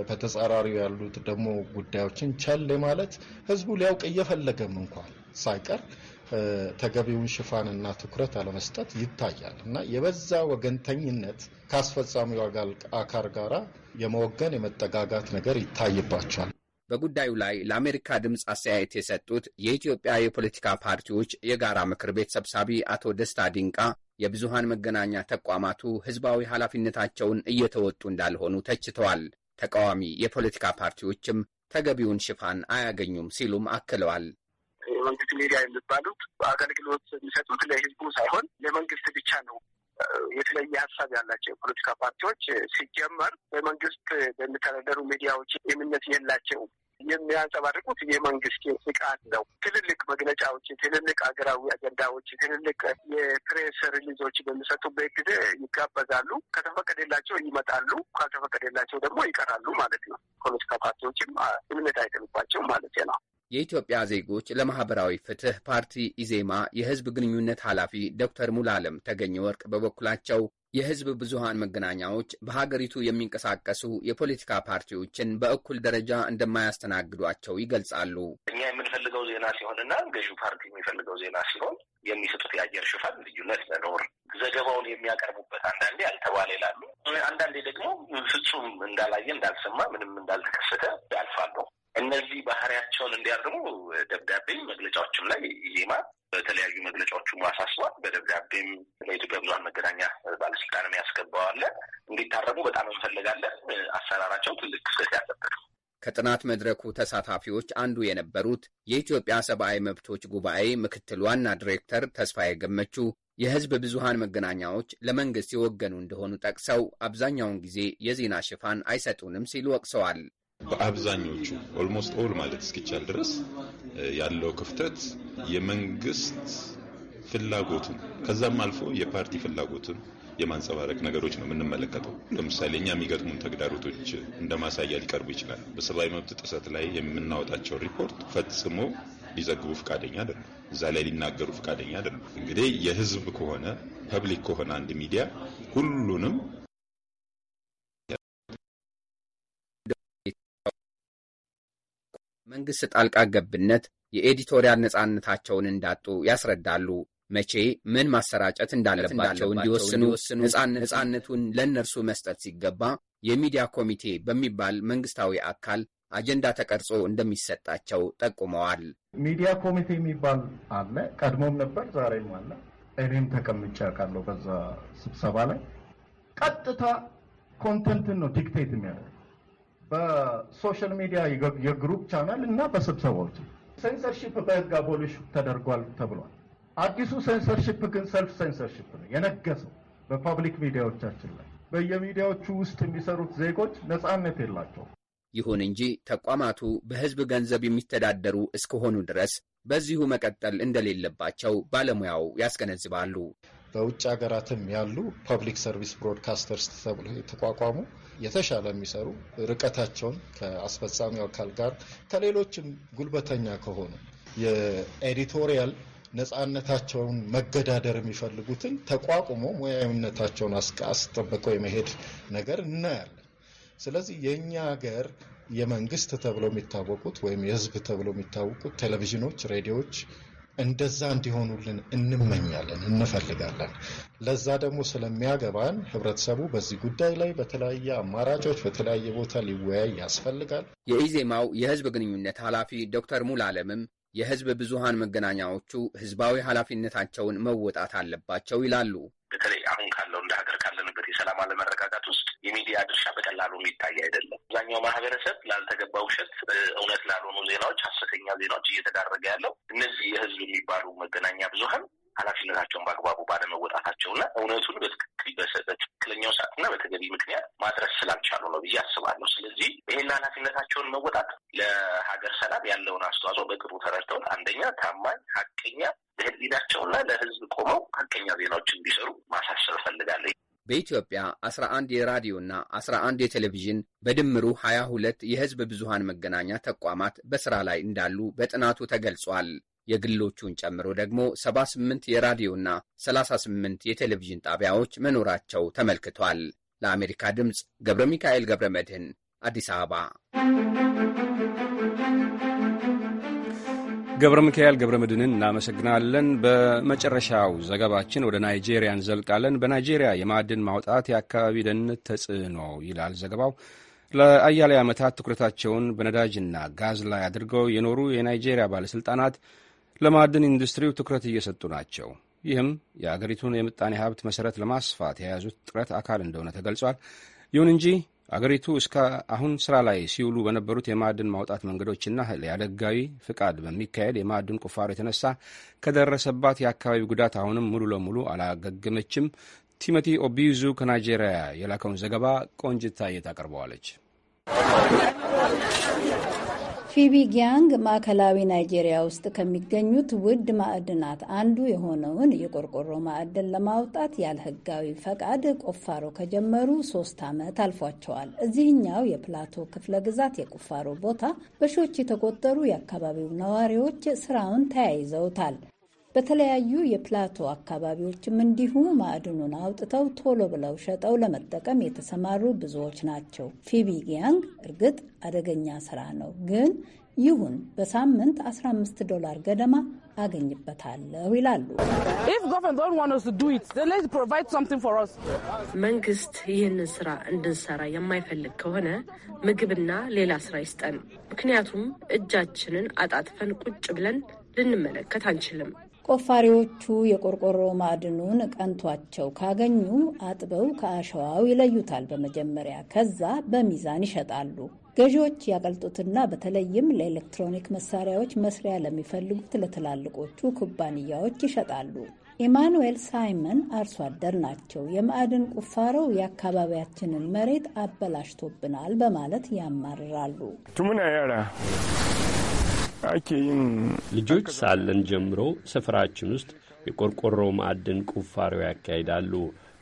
በተጻራሪው ያሉት ደግሞ ጉዳዮችን ቸል ማለት ህዝቡ ሊያውቅ እየፈለገም እንኳን ሳይቀር ተገቢውን ሽፋንና ትኩረት አለመስጠት ይታያል እና የበዛ ወገንተኝነት ከአስፈጻሚው አካል ጋራ የመወገን የመጠጋጋት ነገር ይታይባቸዋል። በጉዳዩ ላይ ለአሜሪካ ድምፅ አስተያየት የሰጡት የኢትዮጵያ የፖለቲካ ፓርቲዎች የጋራ ምክር ቤት ሰብሳቢ አቶ ደስታ ዲንቃ የብዙሃን መገናኛ ተቋማቱ ህዝባዊ ኃላፊነታቸውን እየተወጡ እንዳልሆኑ ተችተዋል። ተቃዋሚ የፖለቲካ ፓርቲዎችም ተገቢውን ሽፋን አያገኙም ሲሉም አክለዋል። የመንግስት ሚዲያ የሚባሉት አገልግሎት የሚሰጡት ለህዝቡ ሳይሆን ለመንግስት ብቻ ነው። የተለየ ሀሳብ ያላቸው የፖለቲካ ፓርቲዎች ሲጀመር በመንግስት በሚተዳደሩ ሚዲያዎች የምነት የላቸውም። የሚያንጸባርቁት የመንግስት ንቃት ነው። ትልልቅ መግለጫዎች፣ ትልልቅ አገራዊ አጀንዳዎች፣ ትልልቅ የፕሬስ ሪሊዞች በሚሰጡበት ጊዜ ይጋበዛሉ። ከተፈቀደላቸው ይመጣሉ፣ ካልተፈቀደላቸው ደግሞ ይቀራሉ ማለት ነው። ፖለቲካ ፓርቲዎችም እምነት አይጥልባቸውም ማለት ነው። የኢትዮጵያ ዜጎች ለማህበራዊ ፍትህ ፓርቲ ኢዜማ የህዝብ ግንኙነት ኃላፊ ዶክተር ሙላለም ተገኘ ወርቅ በበኩላቸው የህዝብ ብዙሃን መገናኛዎች በሀገሪቱ የሚንቀሳቀሱ የፖለቲካ ፓርቲዎችን በእኩል ደረጃ እንደማያስተናግዷቸው ይገልጻሉ። እኛ የምንፈልገው ዜና ሲሆንና ገዢው ፓርቲ የሚፈልገው ዜና ሲሆን የሚሰጡት የአየር ሽፋን ልዩነት መኖር፣ ዘገባውን የሚያቀርቡበት አንዳንዴ አልተባለ ይላሉ፣ አንዳንዴ ደግሞ ፍጹም እንዳላየ እንዳልሰማ፣ ምንም እንዳልተከሰተ ያልፋሉ። እነዚህ ባህሪያቸውን እንዲያርሙ ደብዳቤ መግለጫዎችም ላይ ዜማ በተለያዩ መግለጫዎቹ አሳስቧል። በደብዳቤም ለኢትዮጵያ ብዙሃን መገናኛ ባለስልጣንም ያስገባዋለ እንዲታረሙ በጣም እንፈልጋለን። አሰራራቸው ትልቅ ክፍተት ያለበት ከጥናት መድረኩ ተሳታፊዎች አንዱ የነበሩት የኢትዮጵያ ሰብአዊ መብቶች ጉባኤ ምክትል ዋና ዲሬክተር ተስፋዬ ገመቹ የህዝብ ብዙሃን መገናኛዎች ለመንግስት የወገኑ እንደሆኑ ጠቅሰው አብዛኛውን ጊዜ የዜና ሽፋን አይሰጡንም ሲሉ ወቅሰዋል። በአብዛኞቹ ኦልሞስት ኦል ማለት እስኪቻል ድረስ ያለው ክፍተት የመንግስት ፍላጎቱን ከዛም አልፎ የፓርቲ ፍላጎቱን የማንጸባረቅ ነገሮች ነው የምንመለከተው። ለምሳሌ እኛ የሚገጥሙን ተግዳሮቶች እንደ ማሳያ ሊቀርቡ ይችላል። በሰብአዊ መብት ጥሰት ላይ የምናወጣቸው ሪፖርት ፈጽሞ ሊዘግቡ ፈቃደኛ አይደሉም። እዛ ላይ ሊናገሩ ፈቃደኛ አይደሉም። እንግዲህ የህዝብ ከሆነ ፐብሊክ ከሆነ አንድ ሚዲያ ሁሉንም መንግሥት ጣልቃ ገብነት የኤዲቶሪያል ነጻነታቸውን እንዳጡ ያስረዳሉ። መቼ ምን ማሰራጨት እንዳለባቸው እንዲወስኑ ነጻነቱን ለእነርሱ መስጠት ሲገባ የሚዲያ ኮሚቴ በሚባል መንግስታዊ አካል አጀንዳ ተቀርጾ እንደሚሰጣቸው ጠቁመዋል። ሚዲያ ኮሚቴ የሚባል አለ፣ ቀድሞም ነበር፣ ዛሬም አለ። እኔም ተቀምጬ አውቃለሁ። በዛ ስብሰባ ላይ ቀጥታ ኮንተንትን ነው ዲክቴት የሚያደርግ በሶሻል ሚዲያ የግሩፕ ቻናል እና በስብሰባዎች ሴንሰርሺፕ በህግ አቦሊሽ ተደርጓል ተብሏል። አዲሱ ሴንሰርሺፕ ግን ሰልፍ ሴንሰርሺፕ ነው የነገሰው በፓብሊክ ሚዲያዎቻችን ላይ በየሚዲያዎቹ ውስጥ የሚሰሩት ዜጎች ነፃነት የላቸውም። ይሁን እንጂ ተቋማቱ በህዝብ ገንዘብ የሚተዳደሩ እስከሆኑ ድረስ በዚሁ መቀጠል እንደሌለባቸው ባለሙያው ያስገነዝባሉ። በውጭ ሀገራትም ያሉ ፐብሊክ ሰርቪስ ብሮድካስተርስ ተብሎ የተቋቋሙ የተሻለ የሚሰሩ ርቀታቸውን ከአስፈጻሚው አካል ጋር ከሌሎችም ጉልበተኛ ከሆኑ የኤዲቶሪያል ነፃነታቸውን መገዳደር የሚፈልጉትን ተቋቁሞ ሙያዊነታቸውን አስጠብቀው የመሄድ ነገር እናያለን። ስለዚህ የእኛ ሀገር የመንግስት ተብለው የሚታወቁት ወይም የህዝብ ተብለው የሚታወቁት ቴሌቪዥኖች፣ ሬዲዮዎች እንደዛ እንዲሆኑልን እንመኛለን፣ እንፈልጋለን። ለዛ ደግሞ ስለሚያገባን ህብረተሰቡ በዚህ ጉዳይ ላይ በተለያየ አማራጮች በተለያየ ቦታ ሊወያይ ያስፈልጋል። የኢዜማው የህዝብ ግንኙነት ኃላፊ ዶክተር ሙሉ አለምም የህዝብ ብዙሃን መገናኛዎቹ ህዝባዊ ኃላፊነታቸውን መወጣት አለባቸው ይላሉ። በተለይ አሁን አለመረጋጋት ውስጥ የሚዲያ ድርሻ በቀላሉ የሚታይ አይደለም። አብዛኛው ማህበረሰብ ላልተገባ ውሸት፣ እውነት ላልሆኑ ዜናዎች፣ ሀሰተኛ ዜናዎች እየተዳረገ ያለው እነዚህ የህዝብ የሚባሉ መገናኛ ብዙሀን ኃላፊነታቸውን በአግባቡ ባለመወጣታቸውና እውነቱን በትክክል በትክክለኛው ሰዓትና በተገቢ ምክንያት ማድረስ ስላልቻሉ ነው ብዬ አስባለሁ። ስለዚህ ይህን ኃላፊነታቸውን መወጣት ለሀገር ሰላም ያለውን አስተዋጽኦ በቅርቡ ተረድተውን አንደኛ ታማኝ ሀቀኛ ለህሊናቸውና ለህዝብ ቆመው ሀቀኛ ዜናዎች እንዲሰሩ ማሳሰብ እፈልጋለሁ። በኢትዮጵያ 11 የራዲዮና 11 የቴሌቪዥን በድምሩ 22 የሕዝብ ብዙሃን መገናኛ ተቋማት በሥራ ላይ እንዳሉ በጥናቱ ተገልጿል። የግሎቹን ጨምሮ ደግሞ 78 የራዲዮና 38 የቴሌቪዥን ጣቢያዎች መኖራቸው ተመልክቷል። ለአሜሪካ ድምፅ ገብረ ሚካኤል ገብረ መድህን አዲስ አበባ ገብረ ሚካኤል ገብረ ምድንን እናመሰግናለን። በመጨረሻው ዘገባችን ወደ ናይጄሪያ እንዘልቃለን። በናይጄሪያ የማዕድን ማውጣት የአካባቢ ደህንነት ተጽዕኖ ይላል ዘገባው። ለአያሌ ዓመታት ትኩረታቸውን በነዳጅና ጋዝ ላይ አድርገው የኖሩ የናይጄሪያ ባለሥልጣናት ለማዕድን ኢንዱስትሪው ትኩረት እየሰጡ ናቸው። ይህም የአገሪቱን የምጣኔ ሀብት መሠረት ለማስፋት የያዙት ጥረት አካል እንደሆነ ተገልጿል። ይሁን እንጂ አገሪቱ እስከ አሁን ስራ ላይ ሲውሉ በነበሩት የማዕድን ማውጣት መንገዶችና ያለሕጋዊ ፍቃድ በሚካሄድ የማዕድን ቁፋሮ የተነሳ ከደረሰባት የአካባቢ ጉዳት አሁንም ሙሉ ለሙሉ አላገገመችም። ቲሞቲ ኦቢዙ ከናይጄሪያ የላከውን ዘገባ ቆንጅታ የት አቀርበዋለች። ፊቢ ጊያንግ ማዕከላዊ ናይጄሪያ ውስጥ ከሚገኙት ውድ ማዕድናት አንዱ የሆነውን የቆርቆሮ ማዕድን ለማውጣት ያለ ሕጋዊ ፈቃድ ቁፋሮ ከጀመሩ ሶስት ዓመት አልፏቸዋል። እዚህኛው የፕላቶ ክፍለ ግዛት የቁፋሮ ቦታ በሺዎች የተቆጠሩ የአካባቢው ነዋሪዎች ስራውን ተያይዘውታል። በተለያዩ የፕላቶ አካባቢዎችም እንዲሁ ማዕድኑን አውጥተው ቶሎ ብለው ሸጠው ለመጠቀም የተሰማሩ ብዙዎች ናቸው። ፊቢ ጊያንግ እርግጥ አደገኛ ስራ ነው፣ ግን ይሁን በሳምንት 15 ዶላር ገደማ አገኝበታለሁ ይላሉ። መንግስት ይህንን ስራ እንድንሰራ የማይፈልግ ከሆነ ምግብና ሌላ ስራ ይስጠን። ምክንያቱም እጃችንን አጣጥፈን ቁጭ ብለን ልንመለከት አንችልም። ቆፋሪዎቹ የቆርቆሮ ማዕድኑን ቀንቷቸው ካገኙ አጥበው ከአሸዋው ይለዩታል በመጀመሪያ ከዛ በሚዛን ይሸጣሉ። ገዢዎች ያቀልጡትና በተለይም ለኤሌክትሮኒክ መሳሪያዎች መስሪያ ለሚፈልጉት ለትላልቆቹ ኩባንያዎች ይሸጣሉ። ኢማኑኤል ሳይመን አርሶ አደር ናቸው። የማዕድን ቁፋሮው የአካባቢያችንን መሬት አበላሽቶብናል በማለት ያማርራሉ። ልጆች ሳለን ጀምሮ ሰፈራችን ውስጥ የቆርቆሮ ማዕድን ቁፋሮ ያካሂዳሉ።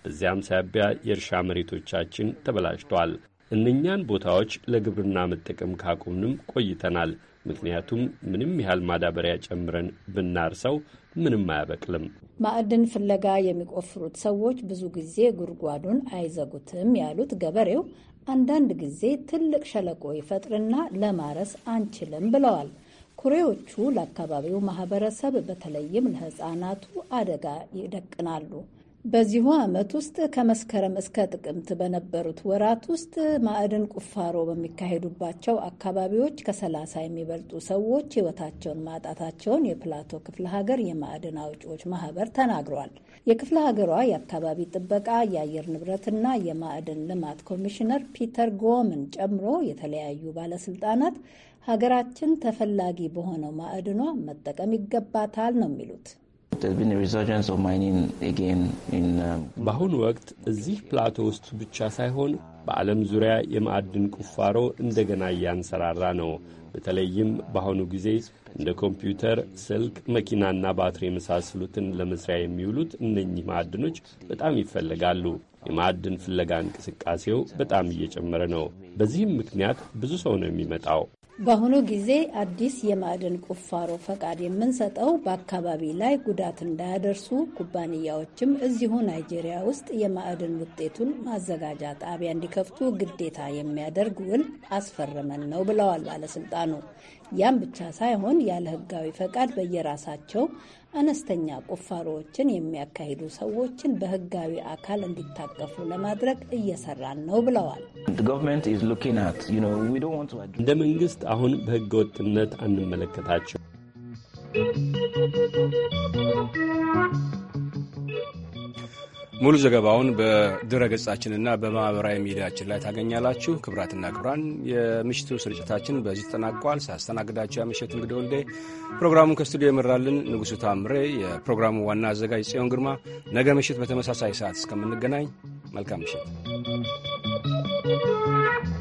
በዚያም ሳቢያ የእርሻ መሬቶቻችን ተበላሽተዋል። እነኛን ቦታዎች ለግብርና መጠቀም ካቆምንም ቆይተናል። ምክንያቱም ምንም ያህል ማዳበሪያ ጨምረን ብናርሰው ምንም አያበቅልም። ማዕድን ፍለጋ የሚቆፍሩት ሰዎች ብዙ ጊዜ ጉድጓዱን አይዘጉትም ያሉት ገበሬው፣ አንዳንድ ጊዜ ትልቅ ሸለቆ ይፈጥርና ለማረስ አንችልም ብለዋል። ኩሬዎቹ ለአካባቢው ማህበረሰብ በተለይም ለህፃናቱ አደጋ ይደቅናሉ። በዚሁ ዓመት ውስጥ ከመስከረም እስከ ጥቅምት በነበሩት ወራት ውስጥ ማዕድን ቁፋሮ በሚካሄዱባቸው አካባቢዎች ከሰላሳ የሚበልጡ ሰዎች ህይወታቸውን ማጣታቸውን የፕላቶ ክፍለ ሀገር የማዕድን አውጪዎች ማህበር ተናግሯል። የክፍለ ሀገሯ የአካባቢ ጥበቃ የአየር ንብረትና የማዕድን ልማት ኮሚሽነር ፒተር ጎምን ጨምሮ የተለያዩ ባለስልጣናት ሀገራችን ተፈላጊ በሆነው ማዕድኗ መጠቀም ይገባታል ነው የሚሉት። um, በአሁኑ ወቅት እዚህ ፕላቶ ውስጥ ብቻ ሳይሆን በዓለም ዙሪያ የማዕድን ቁፋሮ እንደገና እያንሰራራ ነው። በተለይም በአሁኑ ጊዜ እንደ ኮምፒውተር፣ ስልክ፣ መኪናና ባትሪ የመሳሰሉትን ለመስሪያ የሚውሉት እነኚህ ማዕድኖች በጣም ይፈለጋሉ። የማዕድን ፍለጋ እንቅስቃሴው በጣም እየጨመረ ነው። በዚህም ምክንያት ብዙ ሰው ነው የሚመጣው። በአሁኑ ጊዜ አዲስ የማዕድን ቁፋሮ ፈቃድ የምንሰጠው በአካባቢ ላይ ጉዳት እንዳያደርሱ ኩባንያዎችም እዚሁ ናይጄሪያ ውስጥ የማዕድን ውጤቱን ማዘጋጃ ጣቢያ እንዲከፍቱ ግዴታ የሚያደርግ ውል አስፈርመን ነው ብለዋል ባለስልጣኑ። ያም ብቻ ሳይሆን ያለ ሕጋዊ ፈቃድ በየራሳቸው አነስተኛ ቁፋሮዎችን የሚያካሂዱ ሰዎችን በህጋዊ አካል እንዲታቀፉ ለማድረግ እየሰራን ነው ብለዋል። እንደ መንግስት አሁን በህገ ወጥነት አንመለከታቸው። ሙሉ ዘገባውን በድረ ገጻችንና በማኅበራዊ ሚዲያችን ላይ ታገኛላችሁ። ክብራትና ክብራን የምሽቱ ስርጭታችን በዚህ ተጠናቋል። ሳስተናግዳችሁ ያመሸት እንግዲህ ወልዴ፣ ፕሮግራሙን ከስቱዲዮ የመራልን ንጉሡ ታምሬ፣ የፕሮግራሙ ዋና አዘጋጅ ጽዮን ግርማ። ነገ ምሽት በተመሳሳይ ሰዓት እስከምንገናኝ መልካም ምሽት።